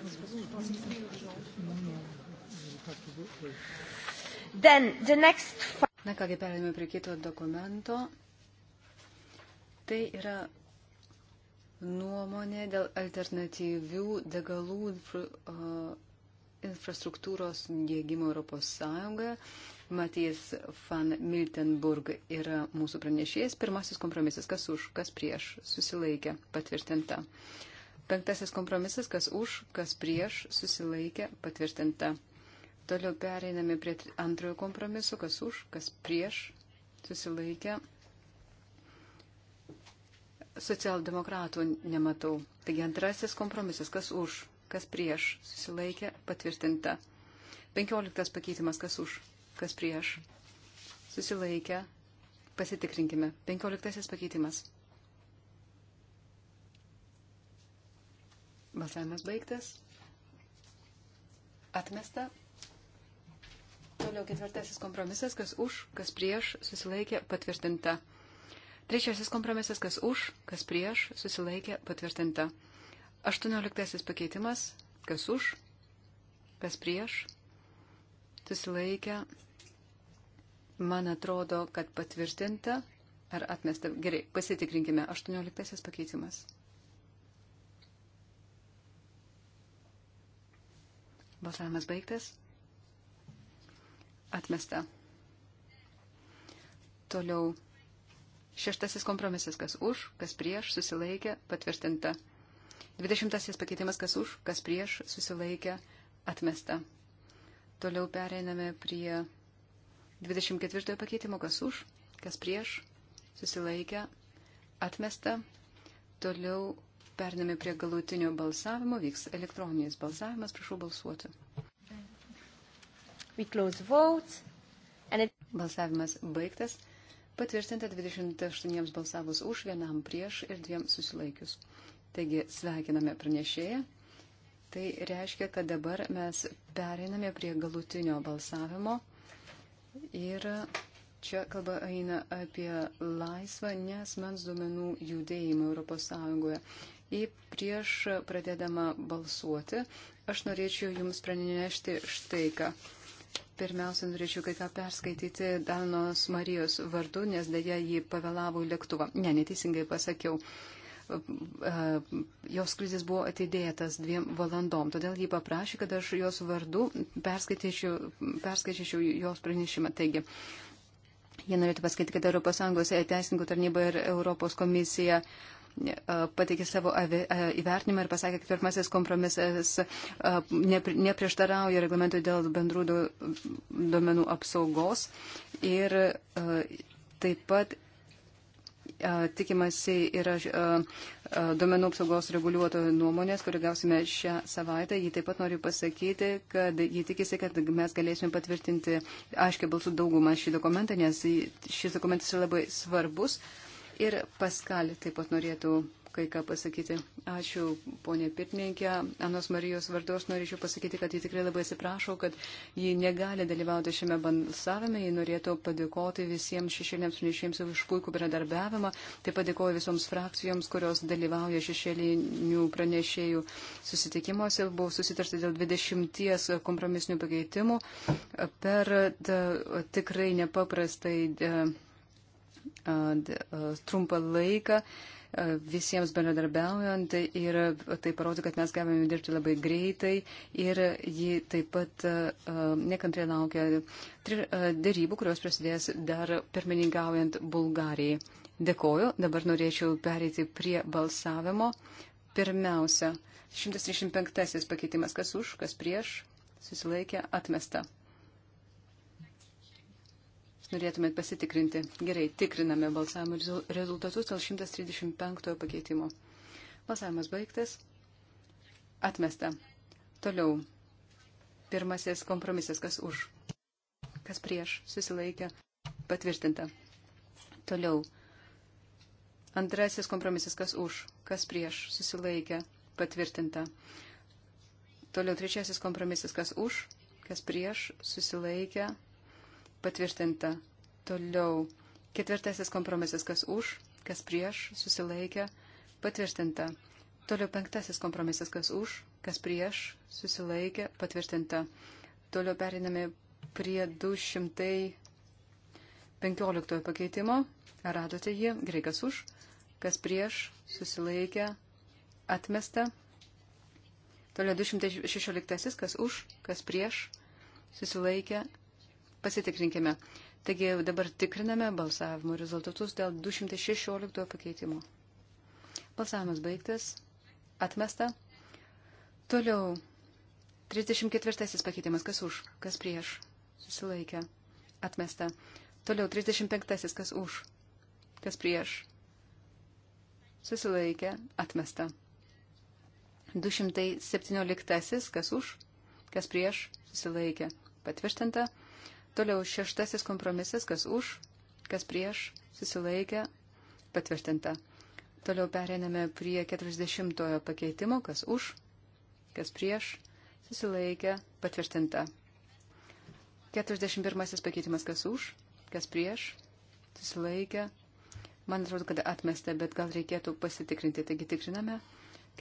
Then the next. Na kągi, perėmėme prie kito dokumento. Tai yra nuomonė dėl alternatyvių degalų infra, uh, infrastruktūros dėgymo Europos Sąjungoje. Matijas van Miltenburg yra mūsų pranešėjas. Pirmasis kompromisas, kas už, kas prieš, susilaikė, patvirtinta. Penktasis kompromisas, kas už, kas prieš, susilaikė, patvirtinta. Toliau pereiname prie antrojo kompromiso, kas už, kas prieš, susilaikė, socialdemokratų nematau. Taigi antrasis kompromisas, kas už, kas prieš, susilaikė, patvirtinta. Penkioliktas pakeitimas, kas už, kas prieš, susilaikė, pasitikrinkime. Penkioliktasis pakeitimas. Balsavimas baigtas. Atmesta. Toliau ketvirtasis kompromisas, kas už, kas prieš, susilaikė, patvirtinta. Trečiasis kompromisas, kas už, kas prieš, susilaikė patvirtinta. Aštuonioliktasis pakeitimas, kas už, kas prieš, susilaikė, man atrodo, kad patvirtinta ar atmesta. Gerai, pasitikrinkime. Aštuonioliktasis pakeitimas. Balsavimas baigtas. Atmesta. Toliau Šeštasis kompromisas, kas už, kas prieš, susilaikė, patvirtinta. Dvidešimtasis pakeitimas, kas už, kas prieš, susilaikė, atmesta. Toliau pereiname prie 24 pakeitimo, kas už, kas prieš, susilaikė, atmesta. Toliau periname prie galutinio balsavimo, vyks elektroninis balsavimas, prašau balsuoti. It... Balsavimas baigtas. Patvirtinta 28 balsavus už, vienam prieš ir dviem susilaikius. Taigi sveikiname pranešėją. Tai reiškia, kad dabar mes pereiname prie galutinio balsavimo. Ir čia kalba eina apie laisvą nesmens duomenų judėjimą ES. Ir prieš pradėdama balsuoti, aš norėčiau Jums pranešti štai ką. Pirmiausia, norėčiau kai ką perskaityti Danos Marijos vardu, nes dėja jį pavėlavo į lėktuvą. Ne, neteisingai pasakiau. E, jos skrydis buvo atidėtas dviem valandom, todėl jį paprašė, kad aš jos vardu perskaityčiau jos pranešimą. Taigi, jie norėtų pasakyti, kad ES teisininkų tarnyba ir Europos komisija uh, pateikė savo įvertinimą ir pasakė, kad pirmasis kompromisas neprieštarauja reglamentui dėl bendrų duomenų apsaugos. Ir taip pat tikimasi yra duomenų apsaugos reguliuotojo nuomonės, kurį gausime šią savaitę. Ji taip pat nori pasakyti, kad ji tikisi, kad mes galėsime patvirtinti aiškiai balsų daugumą šį dokumentą, nes šis dokumentas yra labai svarbus. Uh, Ir Paskalį taip pat norėtų kai ką pasakyti. Ačiū, ponė Pirmininkė. Anos Marijos vardos norėčiau pasakyti, kad ji tikrai labai atsiprašo, kad ji negali dalyvauti šiame balsavime. Ji norėtų padėkoti visiems šešėliams nešėjams už puikų bendradarbiavimą. Taip padėkoju visoms frakcijoms, kurios dalyvauja šešėlinių pranešėjų susitikimuose. Buvo susitarta dėl 20 kompromisinių pakeitimų per da, tikrai nepaprastai. Da, E, trumpą laiką e, visiems bendradarbiaujant ir tai parodo, kad mes gavome dirbti labai greitai ir ji taip pat e, nekantriai laukia dėrybų, kurios prasidės dar pirmininkaujant Bulgarijai. Dėkoju, dabar norėčiau pereiti prie balsavimo. Pirmiausia, 135 pakeitimas, kas už, kas prieš, susilaikė, atmesta. Jūs norėtumėt pasitikrinti. Gerai, tikriname balsavimo rezultatus dėl 135 pakeitimo. Balsavimas baigtas. Atmesta. Toliau. Pirmasis kompromisas, kas už, kas prieš, susilaikė, patvirtinta. Toliau. Antrasis kompromisas, kas už, kas prieš, susilaikė, patvirtinta. Toliau trečiasis kompromisas, kas už, kas prieš, susilaikė, patvirtinta. Toliau ketvirtasis kompromisas, kas už, kas prieš, susilaikė, patvirtinta. Toliau penktasis kompromisas, kas už, kas prieš, susilaikė, patvirtinta. Toliau periname prie 215 pakeitimo. Ar radote jį? Greikas už, kas prieš, susilaikė, atmesta. Toliau 216, kas už, kas prieš, susilaikė, Pasitikrinkime. Taigi dabar tikriname balsavimo rezultatus dėl 216 pakeitimo. Balsavimas baigtas. Atmesta. Toliau. 34 pakeitimas. Kas už? Kas prieš? Susilaikė. Atmesta. Toliau. 35 kas už? Kas prieš? Susilaikė. Atmesta. 217 kas už? Kas prieš? Susilaikė. Patvirtinta. Toliau šeštasis kompromisas, kas už, kas prieš, susilaikė, patvirtinta. Toliau perėmėme prie 40 pakeitimo, kas už, kas prieš, susilaikė, patvirtinta. 41 pakeitimas, kas už, kas prieš, susilaikė. Man atrodo, kad atmesta, bet gal reikėtų pasitikrinti. Taigi tikriname.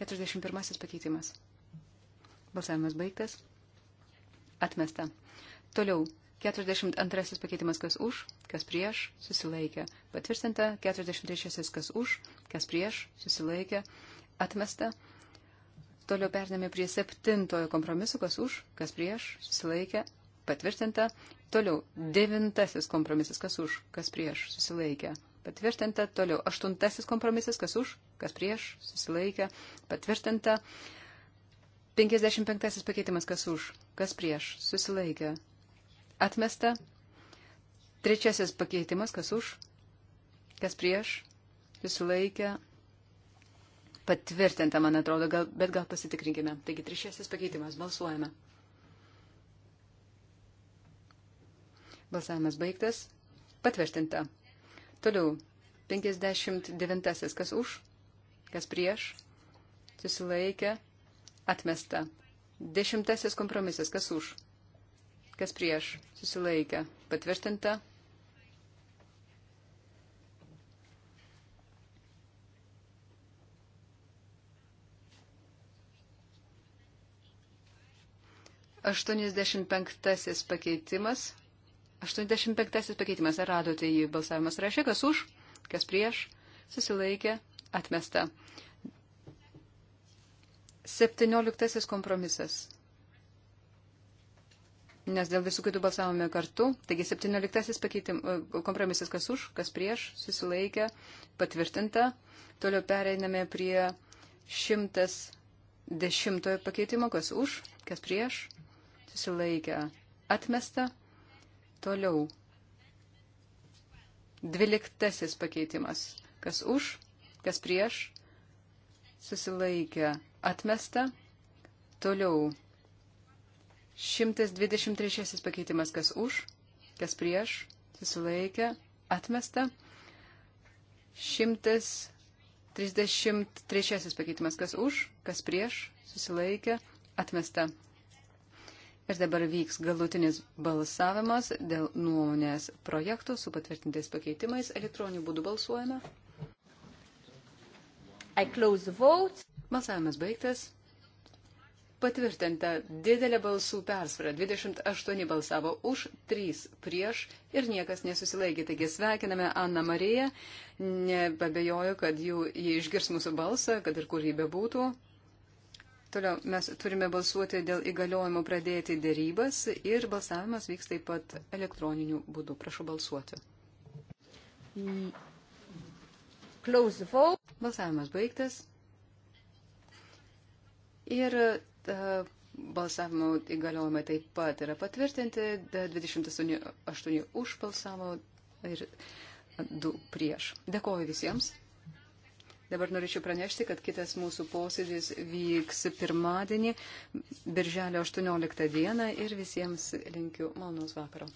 41 pakeitimas. Balsavimas baigtas. Atmesta. Toliau. 42 pakeitimas kas už, kas prieš, susilaikė. Patvirtinta. 43 kas už, kas prieš, susilaikė. Atmesta. Toliau pernėme prie septintojo kompromiso, kas už, kas prieš, susilaikė, patvirtinta. Toliau devintasis kompromisas, kas už, kas prieš, susilaikė, patvirtinta. Toliau aštuntasis kompromisas, kas už, kas prieš, susilaikė, patvirtinta. 55 pakeitimas, kas už, kas prieš, susilaikė, atmesta. Trečiasis pakeitimas, kas už, kas prieš, susilaikė, patvirtinta, man atrodo, gal, bet gal pasitikrinkime. Taigi, trečiasis pakeitimas, balsuojame. Balsavimas baigtas, patvirtinta. Toliau, 59-asis, kas už, kas prieš, susilaikė, atmesta. Dešimtasis kompromisas, kas už, Kas prieš? Susilaikė. Patvirtinta. Aštuoniasdešimt penktasis pakeitimas. Aštuoniasdešimt penktasis pakeitimas. Ar radote jį balsavimas rašė? Kas už? Kas prieš? Susilaikė. Atmesta. Septynioliktasis kompromisas nes dėl visų kitų balsavome kartu. Taigi 17 pakeitim, e, kompromisas kas už, kas prieš, susilaikė, patvirtinta. Toliau pereiname prie 110 pakeitimo, kas už, kas prieš, susilaikė, atmesta. Toliau 12 pakeitimas, kas už, kas prieš, susilaikė, atmesta. Toliau 123 pakeitimas, kas už, kas prieš, susilaikė, atmesta. 133 pakeitimas, kas už, kas prieš, susilaikė, atmesta. Ir dabar vyks galutinis balsavimas dėl nuomonės projektų su patvirtintais pakeitimais. Elektroniniu būdu balsuojame. Balsavimas baigtas patvirtinta didelė balsų persvara. 28 balsavo už, 3 prieš ir niekas nesusilaikė. Taigi sveikiname Anną Mariją. Nepabejoju, kad jų, jie išgirs mūsų balsą, kad ir kur jį bebūtų. Toliau mes turime balsuoti dėl įgaliojimo pradėti dėrybas ir balsavimas vyks taip pat elektroniniu būdu. Prašau balsuoti. Balsavimas baigtas. Ir E, balsavimo įgaliojimai taip pat yra patvirtinti, 28 už balsavo ir 2 prieš. Dėkoju visiems. Dabar norėčiau pranešti, kad kitas mūsų posėdis vyks pirmadienį, birželio 18 dieną ir visiems linkiu malonus vakaro.